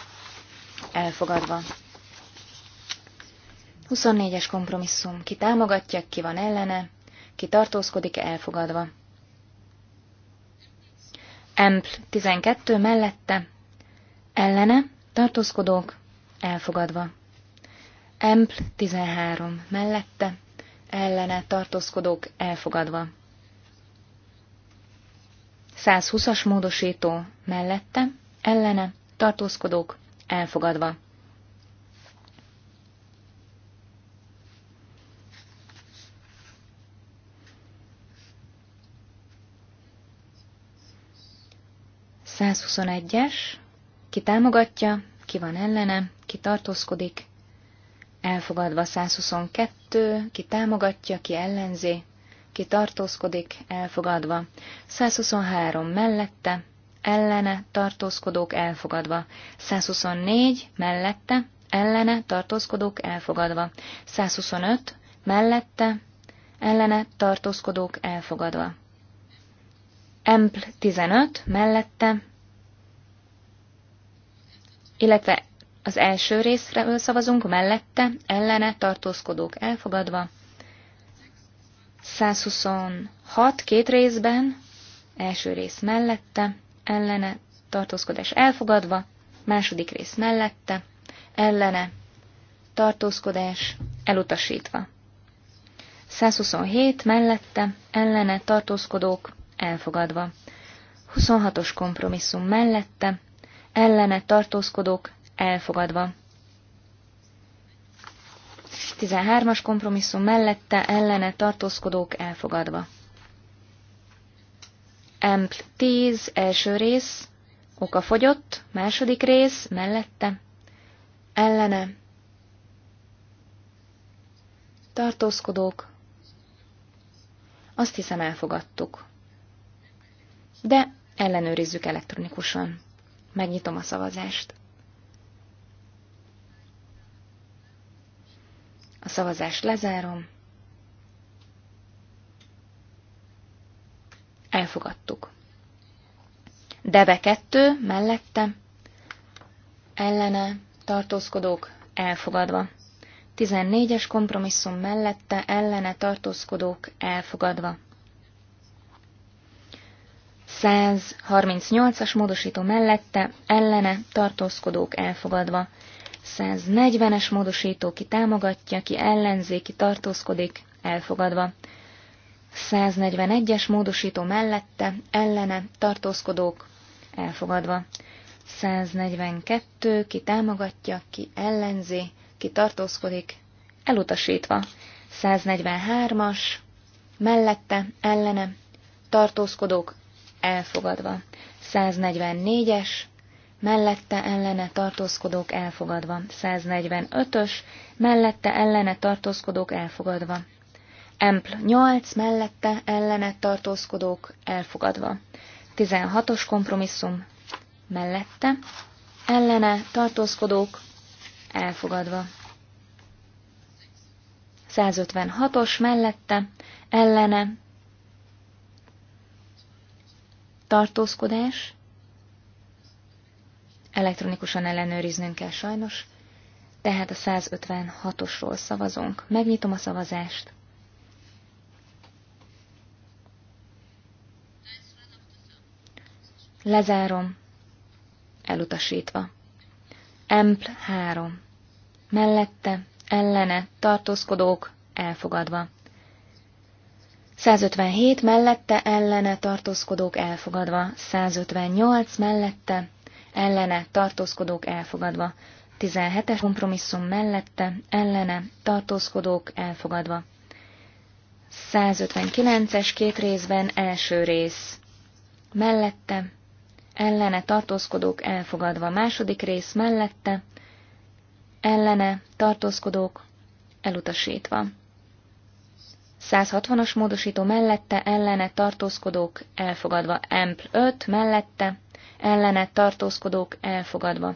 elfogadva. 24-es kompromisszum. Ki támogatja, ki van ellene, ki tartózkodik, elfogadva. Empl 12 mellette, ellene, tartózkodók, elfogadva. Empl 13 mellette, ellene tartózkodók elfogadva. 120-as módosító mellette, ellene tartózkodók elfogadva. Százhuszonegyes, ki támogatja, ki van ellene, ki tartózkodik, elfogadva 122, ki támogatja, ki ellenzi, ki tartózkodik, elfogadva, 123 mellette, ellene tartózkodók elfogadva, 124 mellette, ellene tartózkodók elfogadva, 125 mellette, ellene tartózkodók elfogadva. Empl 15 mellette, illetve az első részről szavazunk, mellette, ellene, tartózkodók elfogadva. 126 két részben, első rész mellette, ellene, tartózkodás elfogadva, második rész mellette, ellene, tartózkodás elutasítva. 127 mellette, ellene, tartózkodók elfogadva. 26-os kompromisszum mellette, ellene tartózkodók elfogadva. 13-as kompromisszum mellette ellene tartózkodók elfogadva. Empl 10 első rész, oka fogyott, második rész mellette, ellene. Tartózkodók. Azt hiszem elfogadtuk. De ellenőrizzük elektronikusan. Megnyitom a szavazást. A szavazást lezárom. Elfogadtuk. Deve 2 mellette, ellene, tartózkodók, elfogadva. 14-es kompromisszum mellette, ellene, tartózkodók, elfogadva. 138-as módosító mellette, ellene, tartózkodók, elfogadva. 140-es módosító, ki támogatja, ki ellenzé, ki tartózkodik, elfogadva. 141-es módosító mellette, ellene, tartózkodók, elfogadva. 142, ki támogatja, ki ellenzi, ki tartózkodik, elutasítva. 143-as, mellette, ellene, tartózkodók, elfogadva. 144-es, mellette ellene tartózkodók elfogadva. 145-ös, mellette ellene tartózkodók elfogadva. Empl 8, mellette ellene tartózkodók elfogadva. 16-os kompromisszum, mellette ellene tartózkodók elfogadva. 156-os mellette ellene tartózkodás elektronikusan ellenőriznünk kell sajnos, tehát a 156-osról szavazunk. Megnyitom a szavazást. Lezárom. Elutasítva. Empl 3. Mellette, ellene, tartózkodók, elfogadva. 157 mellette, ellene, tartózkodók, elfogadva. 158 mellette, ellene tartózkodók elfogadva. 17-es kompromisszum mellette, ellene tartózkodók elfogadva. 159-es két részben első rész. Mellette, ellene tartózkodók elfogadva. Második rész mellette, ellene tartózkodók elutasítva. 160-as módosító mellette ellene tartózkodók elfogadva. Empl 5 mellette ellene tartózkodók elfogadva.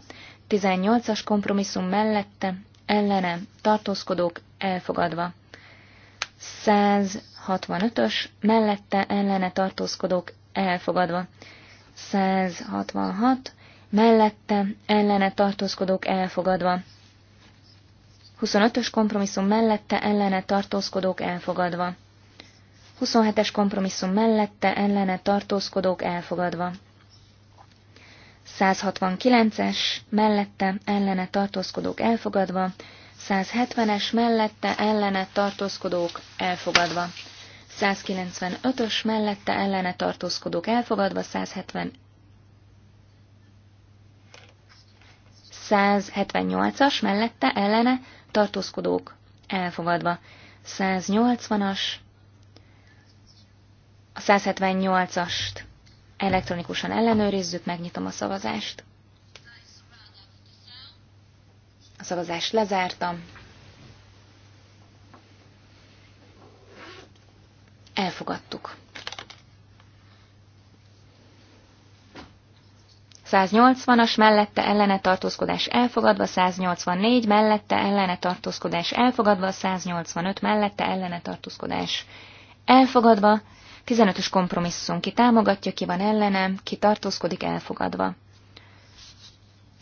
18-as kompromisszum mellette ellene tartózkodók elfogadva. 165-ös mellette ellene tartózkodók elfogadva. 166 mellette ellene tartózkodók elfogadva. 25-ös kompromisszum mellette ellene tartózkodók elfogadva. 27-es kompromisszum mellette ellene tartózkodók elfogadva. 169-es mellette ellene tartózkodók elfogadva, 170-es mellette ellene tartózkodók elfogadva. 195-ös mellette ellene tartózkodók elfogadva, 170 178-as mellette ellene tartózkodók elfogadva. 180-as, a 178-ast elektronikusan ellenőrizzük, megnyitom a szavazást. A szavazást lezártam. Elfogadtuk. 180-as mellette ellene tartózkodás elfogadva, 184 mellette ellene tartózkodás elfogadva, 185 mellette ellene tartózkodás elfogadva, 15-ös kompromisszum ki támogatja, ki van ellenem, ki tartózkodik elfogadva.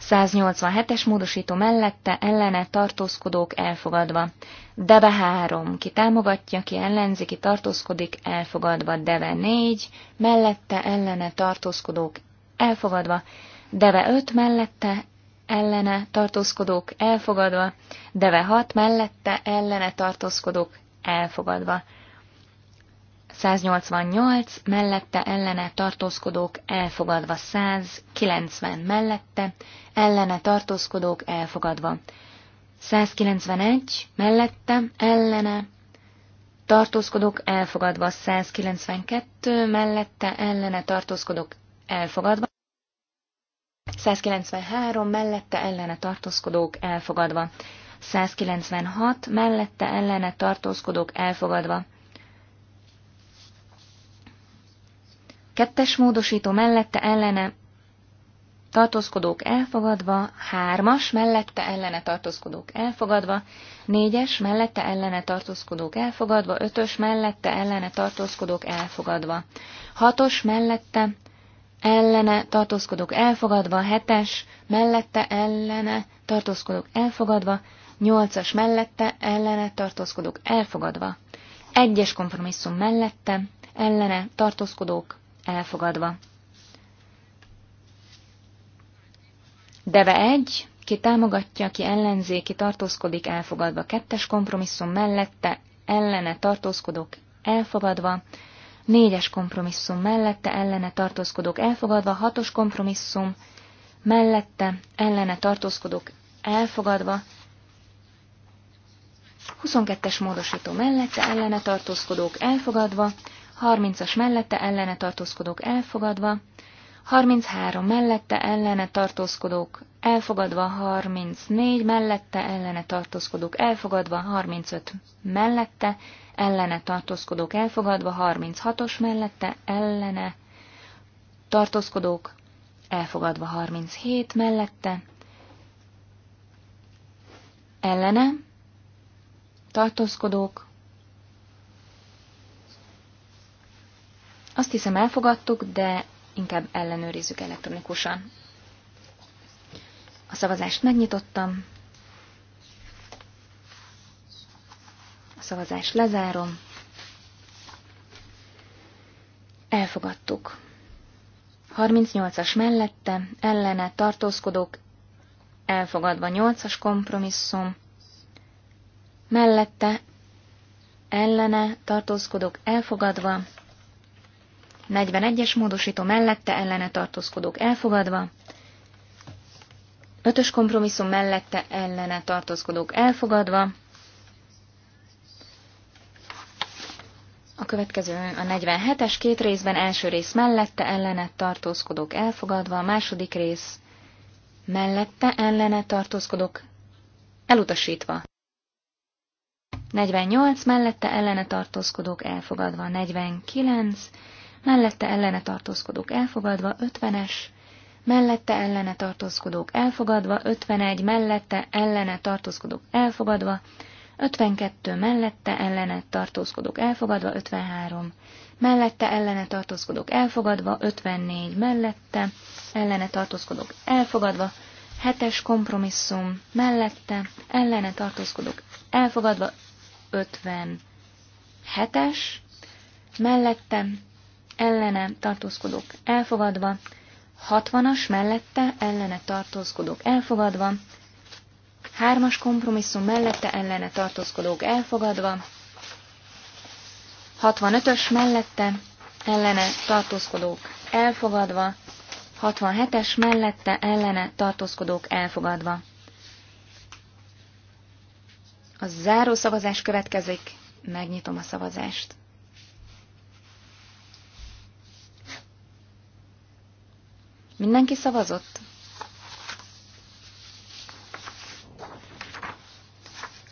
187-es módosító mellette ellene tartózkodók elfogadva. Deve 3, ki támogatja, ki ellenzi, ki tartózkodik elfogadva. Deve 4, mellette ellene tartózkodók elfogadva. Deve öt mellette, ellene tartózkodók elfogadva, Deve hat mellette, ellene tartózkodók elfogadva. 188 mellette ellene tartózkodók elfogadva 190 mellette ellene tartózkodók elfogadva 191 mellette ellene tartózkodók elfogadva 192 mellette ellene tartózkodók elfogadva 193 mellette ellene tartózkodók elfogadva. 196 mellette ellene tartózkodók elfogadva. Kettes módosító mellette ellene tartózkodók elfogadva, hármas mellette ellene tartózkodók elfogadva, négyes mellette ellene tartózkodók elfogadva, ötös mellette ellene tartózkodók elfogadva, hatos mellette ellene tartózkodok elfogadva, hetes, mellette ellene tartózkodok elfogadva, nyolcas mellette ellene tartózkodok elfogadva, egyes kompromisszum mellette ellene tartózkodók elfogadva. Deve egy, ki támogatja, ki ellenzé, ki tartózkodik elfogadva, kettes kompromisszum mellette ellene tartózkodok elfogadva, négyes kompromisszum mellette ellene tartózkodók elfogadva, hatos kompromisszum mellette ellene tartózkodók elfogadva, 22-es módosító mellette ellene tartózkodók elfogadva, 30-as mellette ellene tartózkodók elfogadva, 33 mellette ellene tartózkodók elfogadva, 34 mellette ellene tartózkodók elfogadva, 35 mellette ellene tartózkodók elfogadva, 36-os mellette ellene tartózkodók elfogadva, 37 mellette ellene tartózkodók Azt hiszem elfogadtuk, de inkább ellenőrizzük elektronikusan. A szavazást megnyitottam. A szavazást lezárom. Elfogadtuk. 38-as mellette, ellene tartózkodók, elfogadva 8-as kompromisszum, mellette, ellene tartózkodók elfogadva, 41-es módosító mellette ellene tartózkodók elfogadva, 5-ös kompromisszum mellette ellene tartózkodók elfogadva, a következő a 47-es két részben első rész mellette ellene tartózkodók elfogadva, a második rész mellette ellene tartózkodók elutasítva. 48 mellette ellene tartózkodók elfogadva, 49 mellette ellene tartózkodók elfogadva, 50-es, mellette ellene tartózkodók elfogadva, 51 mellette ellene tartózkodók elfogadva, 52 mellette ellene tartózkodók elfogadva, 53 mellette ellene tartózkodók elfogadva, 54 mellette ellene tartózkodók elfogadva, 7-es kompromisszum mellette ellene tartózkodók elfogadva, 57-es mellette ellene tartózkodok elfogadva, 60-as mellette ellene tartózkodok elfogadva, 3-as kompromisszum mellette ellene tartózkodok elfogadva, 65-ös mellette ellene tartózkodók elfogadva, 67-es mellette ellene tartózkodók elfogadva. A záró szavazás következik, megnyitom a szavazást. Mindenki szavazott?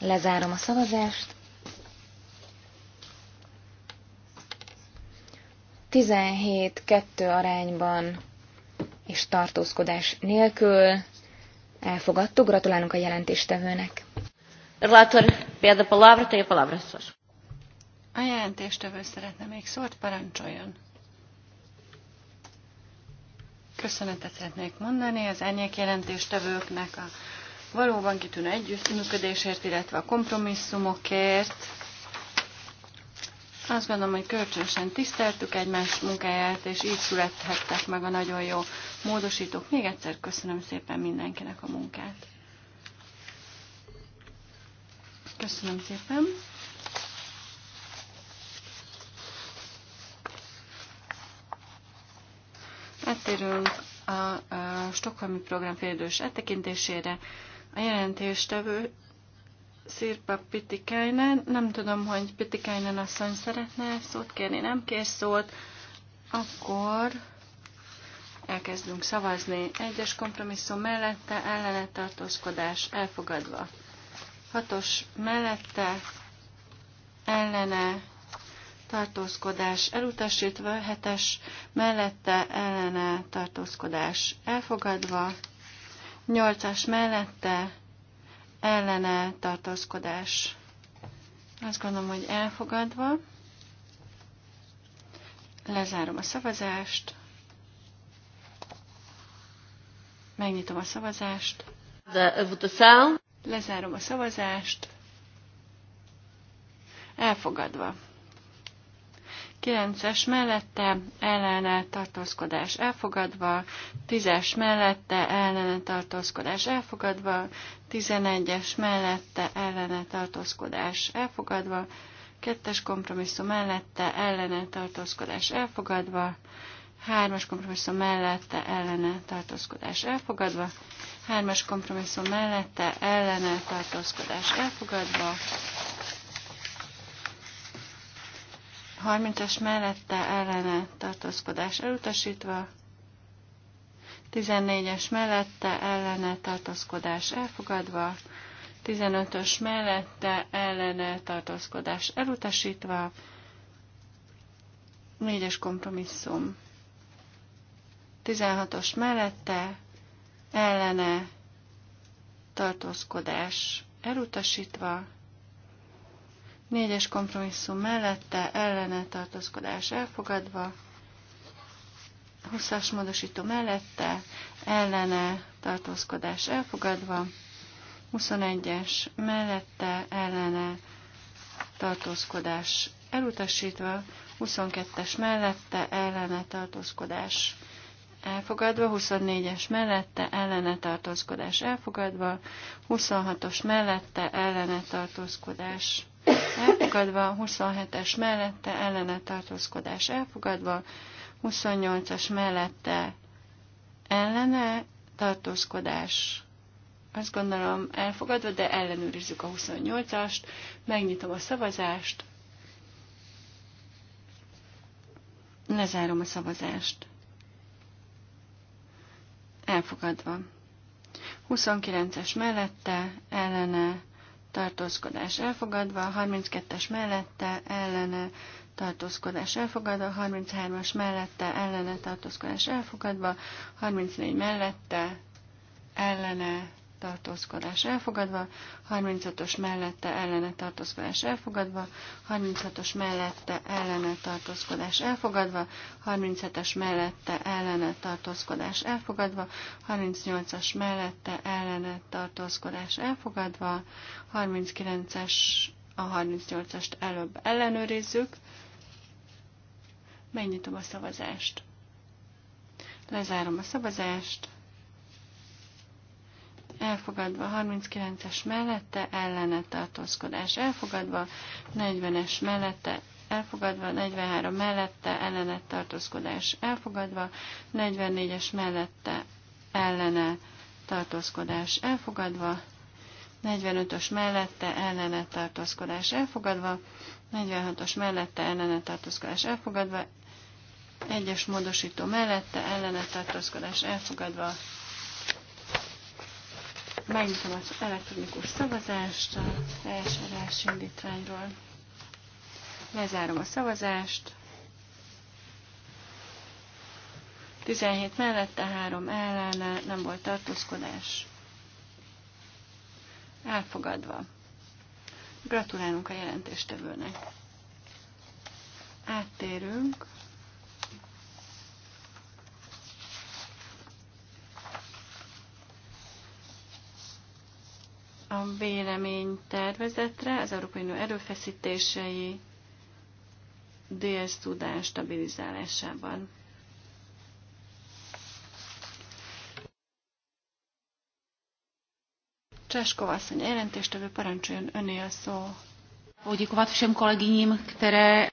Lezárom a szavazást. 17-2 arányban és tartózkodás nélkül elfogadtuk. Gratulálunk a jelentéstevőnek. Relator, pede a palavra, te a palavra, A jelentéstevő szeretne még szót, parancsoljon. Köszönetet szeretnék mondani az árnyék jelentéstevőknek a valóban kitűnő együttműködésért, illetve a kompromisszumokért. Azt gondolom, hogy kölcsönösen tiszteltük egymás munkáját, és így születhettek meg a nagyon jó módosítók. Még egyszer köszönöm szépen mindenkinek a munkát. Köszönöm szépen. áttérünk a, a Stockholmi Program félidős eltekintésére. A jelentéstevő Szirpa Pitikainen, nem tudom, hogy Pitikainen asszony szeretne szót kérni, nem kér szót, akkor elkezdünk szavazni. Egyes kompromisszum mellette ellene tartózkodás elfogadva. Hatos mellette ellene tartózkodás elutasítva, hetes mellette ellene tartózkodás elfogadva, nyolcas mellette ellene tartózkodás. Azt gondolom, hogy elfogadva. Lezárom a szavazást. Megnyitom a szavazást. The, uh, the Lezárom a szavazást. Elfogadva. 9-es mellette ellene tartózkodás elfogadva, 10-es mellette ellene tartózkodás elfogadva, 11-es mellette ellene tartózkodás elfogadva, 2-es kompromisszum mellette ellene tartózkodás elfogadva, 3-as kompromisszum mellette ellene tartózkodás elfogadva, 3-as kompromisszum mellette ellene tartózkodás elfogadva, 30-as mellette ellene tartózkodás elutasítva, 14-es mellette ellene tartózkodás elfogadva, 15-ös mellette ellene tartózkodás elutasítva, 4-es kompromisszum. 16-os mellette ellene tartózkodás elutasítva, Négyes kompromisszum mellette ellene tartózkodás elfogadva. 20-as módosító mellette ellene tartózkodás elfogadva. 21-es mellette ellene tartózkodás elutasítva. 22-es mellette ellene tartózkodás elfogadva, 24-es mellette ellene tartózkodás elfogadva, 26-os mellette ellene tartózkodás elfogadva, 27-es mellette ellene tartózkodás elfogadva, 28-as mellette ellene tartózkodás azt gondolom elfogadva, de ellenőrizzük a 28-ast, megnyitom a szavazást, lezárom a szavazást. Elfogadva. 29-es mellette, ellene, tartózkodás elfogadva, 32-es mellette ellene tartózkodás elfogadva, 33-as mellette ellene tartózkodás elfogadva, 34 mellette ellene tartózkodás elfogadva, 35-ös mellette ellene tartózkodás elfogadva, 36-os mellette ellene tartózkodás elfogadva, 37-es mellette ellene tartózkodás elfogadva, 38-as mellette ellene tartózkodás elfogadva, 39-es a 38-ast előbb ellenőrizzük. Megnyitom a szavazást. Lezárom a szavazást elfogadva 39-es mellette ellene tartózkodás elfogadva, 40-es mellette elfogadva, 43 mellette ellene tartózkodás elfogadva, 44-es mellette ellene tartózkodás elfogadva, 45-ös mellette ellene tartózkodás elfogadva, 46-os mellette ellene tartózkodás elfogadva, egyes módosító mellette ellene tartózkodás elfogadva, Megnyitom az elektronikus szavazást a eljárás indítványról. Lezárom a szavazást. 17 mellette, 3 ellen, nem volt tartózkodás. Elfogadva. Gratulálunk a jelentéstevőnek. Áttérünk a vélemény tervezetre, az Európai Unió erőfeszítései DS szudán stabilizálásában. Cseskova asszony, jelentéstevő parancsoljon öné a szó. Poděkovat sem kolegyním, které...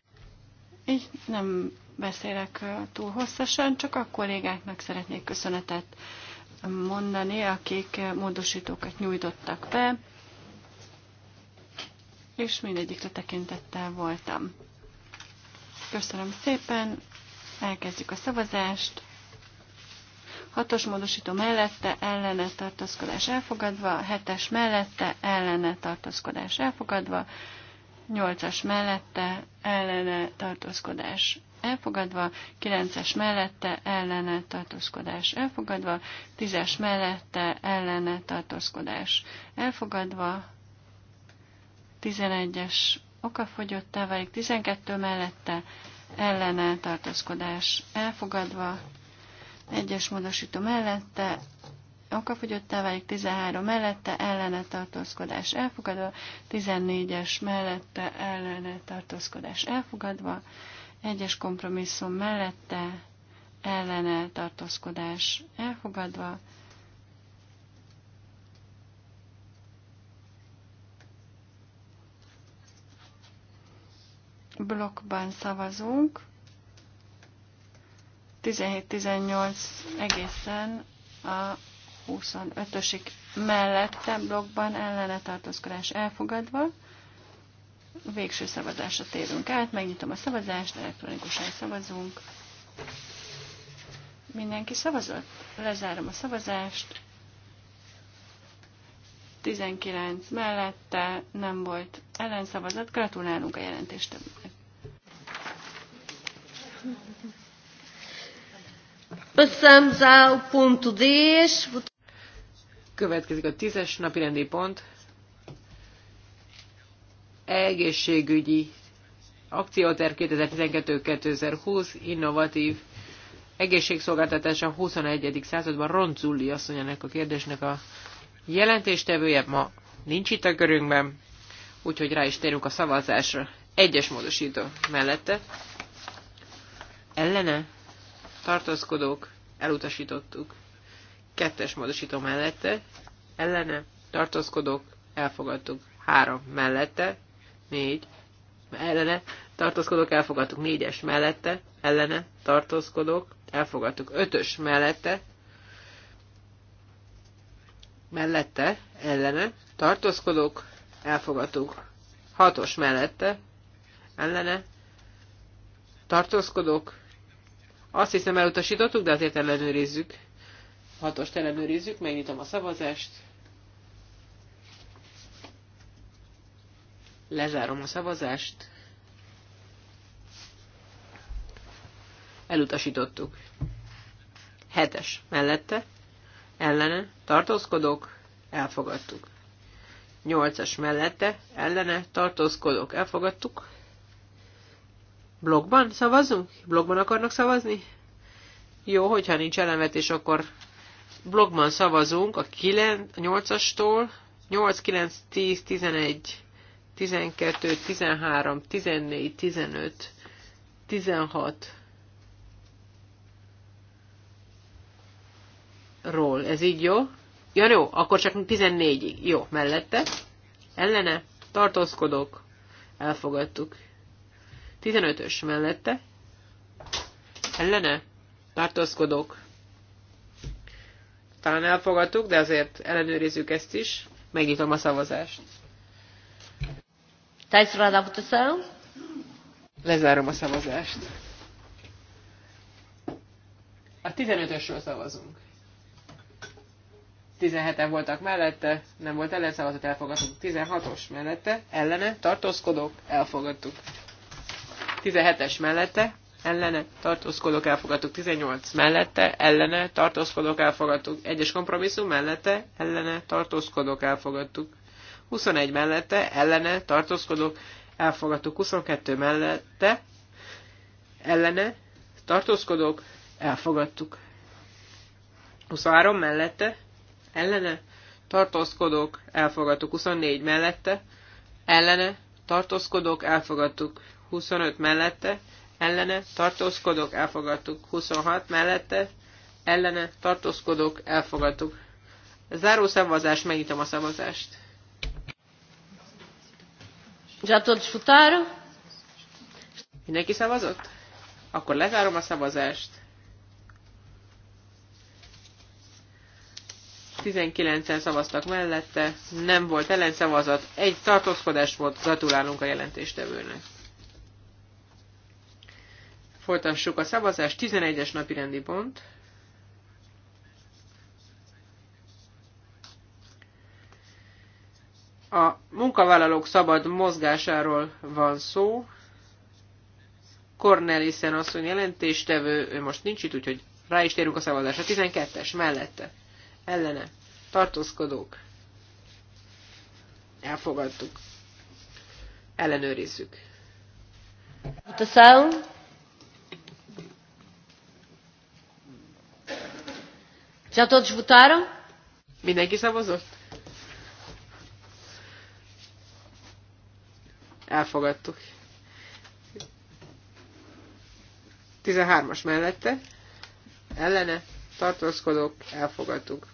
Így nem beszélek túl hosszasan, csak a kollégáknak szeretnék köszönetet mondani, akik módosítókat nyújtottak be, és mindegyikre tekintettel voltam. Köszönöm szépen, elkezdjük a szavazást. Hatos módosító mellette ellene tartózkodás elfogadva, hetes mellette ellene tartózkodás elfogadva, nyolcas mellette ellene tartózkodás elfogadva, 9-es mellette ellene tartózkodás elfogadva, 10-es mellette ellene tartózkodás elfogadva, 11-es okafogyottá válik, 12 mellette ellene tartózkodás elfogadva, 1-es módosító mellette okafogyottá válik, 13 mellette ellene tartózkodás elfogadva, 14-es mellette ellene tartózkodás elfogadva, egyes kompromisszum mellette ellene tartózkodás elfogadva. Blokkban szavazunk. 17-18 egészen a 25-ösig mellette blokkban ellene tartózkodás elfogadva. Végső szavazásra térünk át, megnyitom a szavazást, elektronikusan szavazunk. Mindenki szavazott? Lezárom a szavazást. 19 mellette nem volt ellenszavazat. Gratulálunk a jelentést. Passamos ao pont 10. Következik a tízes napi rendi pont egészségügyi akcióterv 2012-2020 innovatív egészségszolgáltatása a 21. században. Ronculli asszony ennek a kérdésnek a jelentéstevője ma nincs itt a körünkben, úgyhogy rá is térünk a szavazásra. Egyes módosító mellette. Ellene tartózkodók elutasítottuk. Kettes módosító mellette. Ellene tartózkodók elfogadtuk. Három mellette négy, ellene, tartózkodok, elfogadtuk négyes mellette, ellene, tartózkodok, elfogadtuk ötös mellette, mellette, ellene, tartózkodok, elfogadtuk hatos mellette, ellene, tartózkodok, azt hiszem elutasítottuk, de azért ellenőrizzük. Hatost ellenőrizzük, megnyitom a szavazást. Lezárom a szavazást. Elutasítottuk. Hetes. Mellette. Ellene. Tartózkodok. Elfogadtuk. Nyolcas mellette. Ellene. Tartózkodok. Elfogadtuk. Blogban szavazunk? Blogban akarnak szavazni? Jó, hogyha nincs ellenvetés, akkor blogban szavazunk a 8-astól 8, 9, 10, 11, 12, 13, 14, 15, 16 ról. Ez így jó? Ja, jó, akkor csak 14-ig. Jó, mellette. Ellene. Tartózkodok. Elfogadtuk. 15-ös mellette. Ellene. Tartózkodok. Talán elfogadtuk, de azért ellenőrizzük ezt is. Megnyitom a szavazást. Thanks for the Laptuszel. Lezárom a szavazást. A 15-ösről szavazunk. 17-en voltak mellette, nem volt ellen szavazat, elfogadtuk. 16-os mellette, ellene, tartózkodok, elfogadtuk. 17-es mellette, ellene, tartózkodok, elfogadtuk. 18 mellette, ellene, tartózkodok, elfogadtuk. Egyes kompromisszum mellette, ellene, tartózkodok, elfogadtuk. 21 mellette, ellene, tartózkodók, elfogadtuk. 22 mellette, ellene, tartózkodók, elfogadtuk. 23 mellette, ellene, tartózkodók, elfogadtuk. 24 mellette, ellene, tartózkodók, elfogadtuk. 25 mellette, ellene, tartózkodók, elfogadtuk. 26 mellette, ellene, tartózkodók, elfogadtuk. Záró szavazás, megnyitom a szavazást. Já todos votaram? Mindenki szavazott? Akkor lezárom a szavazást. 19-en szavaztak mellette, nem volt ellenszavazat, egy tartózkodás volt, gratulálunk a jelentéstevőnek. Folytassuk a szavazást, 11-es napi rendi pont. A munkavállalók szabad mozgásáról van szó. Cornelissen asszony jelentéstevő, ő most nincs itt, úgyhogy rá is térünk a szavazásra. 12-es mellette. Ellene. Tartózkodók. Elfogadtuk. Ellenőrizzük. Votação. Já todos votaram? Mindenki szavazott? elfogadtuk. 13-as mellette, ellene, tartózkodók, elfogadtuk.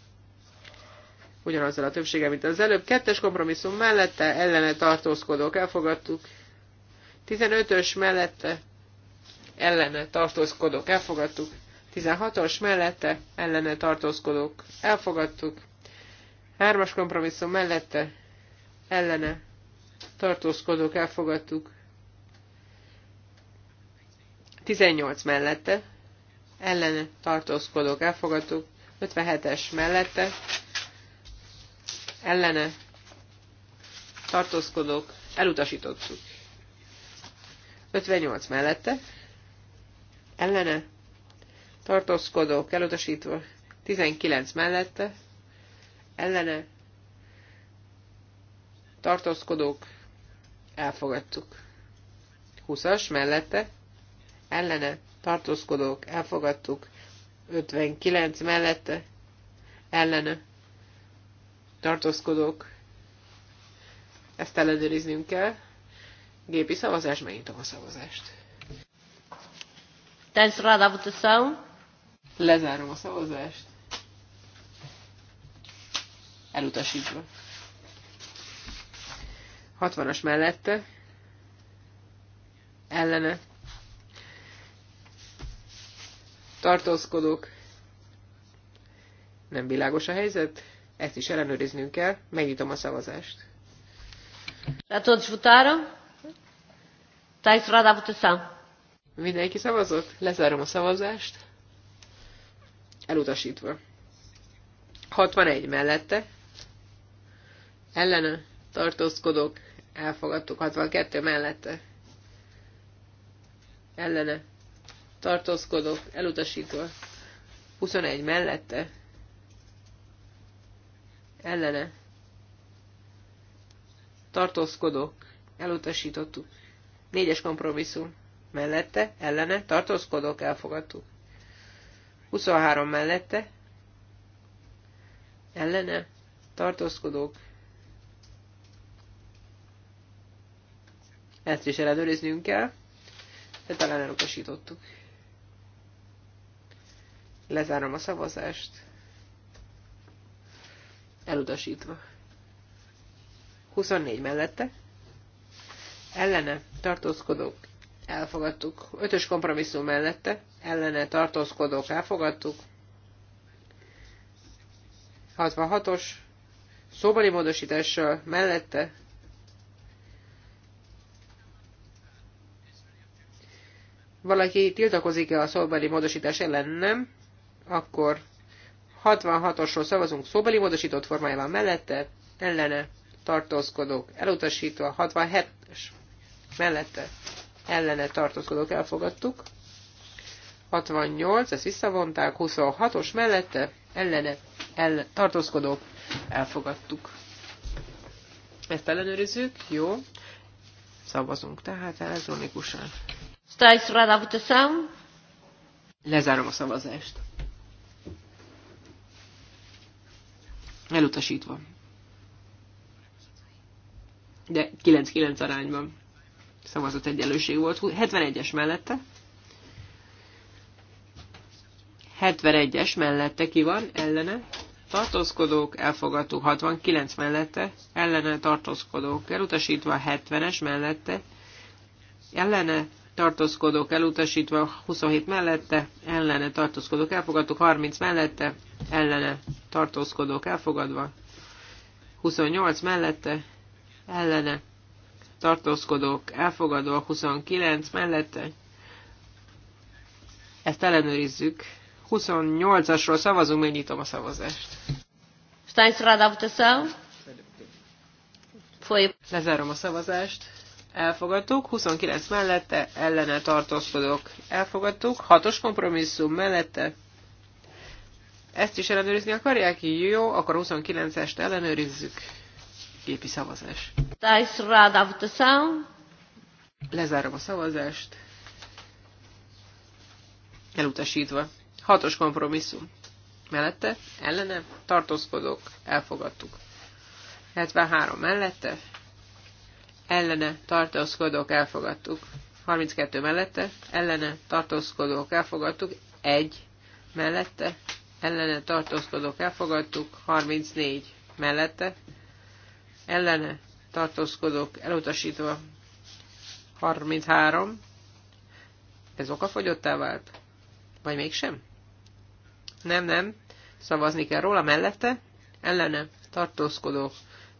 Ugyanazzal a többsége, mint az előbb. Kettes kompromisszum mellette, ellene tartózkodók, elfogadtuk. 15-ös mellette, ellene tartózkodók, elfogadtuk. 16-os mellette, ellene tartózkodók, elfogadtuk. 3-as kompromisszum mellette, ellene tartózkodók elfogadtuk. 18 mellette, ellen tartózkodók elfogadtuk. 57-es mellette, ellene tartózkodók elutasítottuk. 58 mellette, ellene tartózkodók elutasítva, 19 mellette, ellene tartózkodók, elfogadtuk. 20-as mellette, ellene, tartózkodók, elfogadtuk. 59 mellette, ellene, tartózkodók, ezt ellenőriznünk kell. Gépi szavazás, megnyitom a szavazást. Tensra Lezárom a szavazást. Elutasítva. 60-as mellette, ellene tartózkodók. Nem világos a helyzet? Ezt is ellenőriznünk kell. Megnyitom a szavazást. Tehát todos votaram? a Mindenki szavazott? Lezárom a szavazást. Elutasítva. 61 mellette. Ellene tartózkodok elfogadtuk 62 mellette. Ellene. Tartózkodok, elutasítva. 21 mellette. Ellene. Tartózkodok, elutasítottuk. Négyes kompromisszum. Mellette, ellene, tartózkodok, elfogadtuk. 23 mellette, ellene, tartózkodók, Ezt is ellenőriznünk kell, de talán elutasítottuk. Lezárom a szavazást. Elutasítva. 24 mellette. Ellene tartózkodók elfogadtuk. Ötös kompromisszum mellette. Ellene tartózkodók elfogadtuk. 66-os Szóbali módosítással mellette Valaki tiltakozik-e a szóbeli módosítás ellen? Nem. Akkor 66-osról szavazunk szóbeli módosított formájában mellette, ellene, tartózkodók, elutasítva, 67-es mellette, ellene tartózkodók elfogadtuk. 68, ezt visszavonták, 26-os mellette, ellene, el, tartózkodók elfogadtuk. Ezt ellenőrizzük, jó. Szavazunk tehát elektronikusan. Está votação? Lezárom a szavazást. Elutasítva. De 9-9 arányban szavazott egyenlőség volt. 71-es mellette. 71-es mellette ki van, ellene. Tartózkodók, elfogadó 69 mellette, ellene tartózkodók, elutasítva 70-es mellette, ellene tartózkodók elutasítva, 27 mellette, ellene tartózkodók elfogadtuk, 30 mellette, ellene tartózkodók elfogadva, 28 mellette, ellene tartózkodók elfogadva, 29 mellette, ezt ellenőrizzük. 28-asról szavazunk, nyitom a szavazást. Lezárom a szavazást elfogadtuk, 29 mellette ellene tartózkodok. elfogadtuk, 6-os kompromisszum mellette ezt is ellenőrizni akarják? Jó, akkor 29-est ellenőrizzük. Gépi szavazás. Lezárom a szavazást. Elutasítva. Hatos kompromisszum. Mellette, ellene, tartózkodok, elfogadtuk. 73 mellette, ellene tartózkodók elfogadtuk. 32 mellette, ellene tartózkodók elfogadtuk, 1 mellette, ellene tartózkodók elfogadtuk, 34 mellette, ellene tartózkodók elutasítva, 33, ez okafogyottá vált? Vagy mégsem? Nem, nem, szavazni kell róla mellette, ellene tartózkodók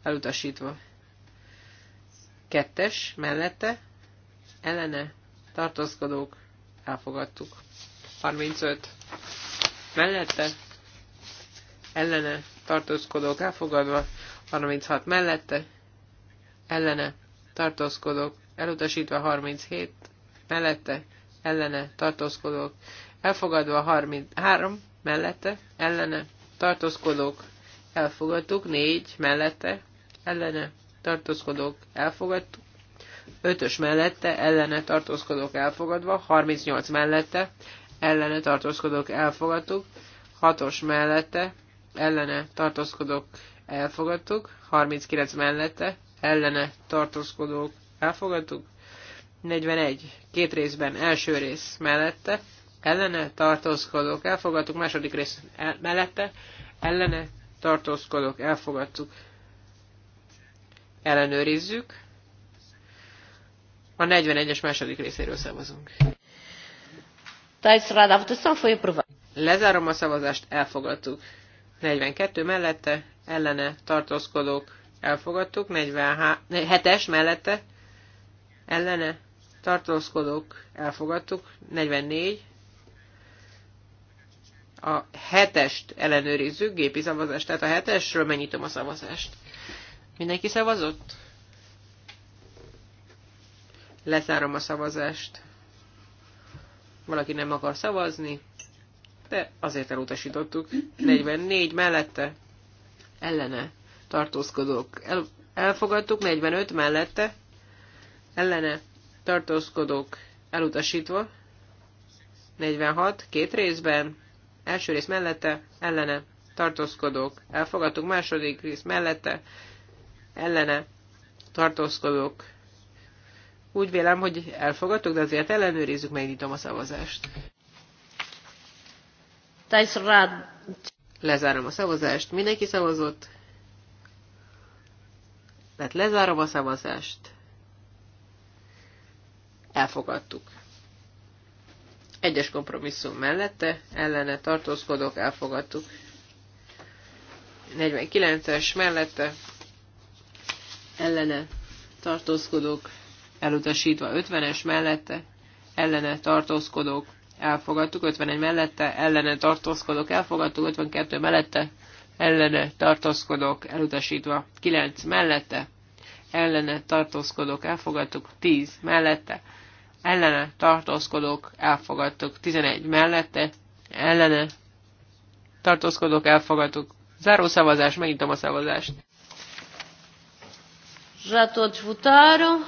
elutasítva, Kettes mellette ellene tartózkodók elfogadtuk. 35 mellette ellene tartózkodók elfogadva, 36 mellette ellene tartózkodók elutasítva, 37 mellette ellene tartózkodók elfogadva, 33 mellette ellene tartózkodók elfogadtuk, 4 mellette ellene tartózkodók elfogadtuk, 5-ös mellette ellene tartózkodók elfogadva, 38 mellette ellene tartózkodók elfogadtuk, 6-os mellette ellene tartózkodók elfogadtuk, 39 mellette ellene tartózkodók elfogadtuk, 41 két részben első rész mellette ellene tartózkodók elfogadtuk, második rész el, mellette ellene tartózkodók elfogadtuk ellenőrizzük. A 41-es második részéről szavazunk. Lezárom a szavazást, elfogadtuk. 42 mellette, ellene tartózkodók, elfogadtuk. 47-es mellette, ellene tartózkodók, elfogadtuk. 44. A hetest ellenőrizzük, gépi szavazást, tehát a hetesről mennyitom a szavazást. Mindenki szavazott? Lezárom a szavazást. Valaki nem akar szavazni, de azért elutasítottuk. 44 mellette, ellene tartózkodók. El, elfogadtuk 45 mellette, ellene tartózkodók elutasítva. 46 két részben, első rész mellette, ellene tartózkodók. Elfogadtuk második rész mellette, ellene tartózkodok. Úgy vélem, hogy elfogadtuk, de azért ellenőrizzük, megnyitom a szavazást. Lezárom a szavazást. Mindenki szavazott? Tehát lezárom a szavazást. Elfogadtuk. Egyes kompromisszum mellette, ellene tartózkodok, elfogadtuk. 49-es mellette, ellene tartózkodók elutasítva 50-es mellette, ellene tartózkodók elfogadtuk, 51 mellette, ellene tartózkodók elfogadtuk, 52 mellette, ellene tartózkodók elutasítva, 9 mellette, ellene tartózkodók elfogadtuk, 10 mellette, ellene tartózkodók elfogadtuk, 11 mellette, ellene tartózkodók elfogadtuk. Záró szavazás, megnyitom a szavazást. Já todos votaram.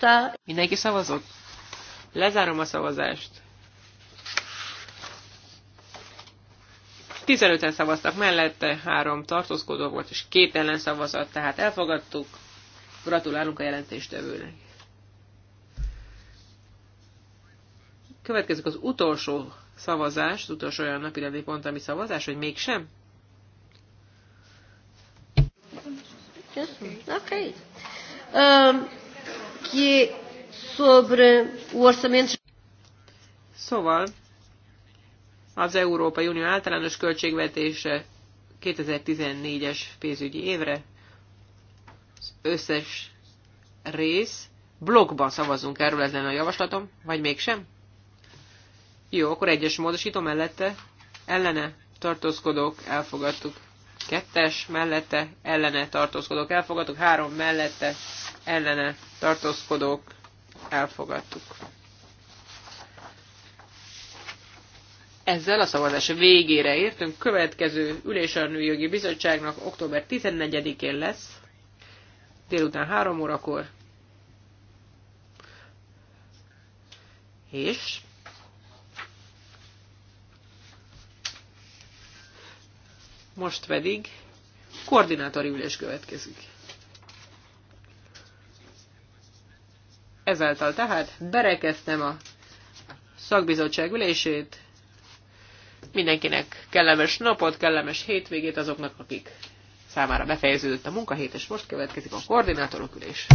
Tá. Mindenki szavazott? Lezárom a szavazást. 15-en szavaztak mellette, három tartózkodó volt, és két ellen szavazat, tehát elfogadtuk. Gratulálunk a jelentéstevőnek. Következik az utolsó szavazás, az utolsó olyan napi pont, ami szavazás, hogy mégsem? Köszönöm. Okay que sobre o orçamento. Szóval az Európai Unió általános költségvetése 2014-es pénzügyi évre összes rész. Blokkban szavazunk erről, ez lenne a javaslatom, vagy mégsem? Jó, akkor egyes módosító mellette, ellene, tartózkodók, elfogadtuk. Kettes mellette, ellene, tartózkodók, elfogadtuk. Három mellette, ellene tartózkodók elfogadtuk. Ezzel a szavazás végére értünk. Következő ülés a Nőjogi Bizottságnak október 14-én lesz, délután 3 órakor. És most pedig koordinátori ülés következik. Ezáltal tehát berekeztem a szakbizottság ülését. Mindenkinek kellemes napot, kellemes hétvégét azoknak, akik számára befejeződött a munkahét, és most következik a koordinátorok ülés.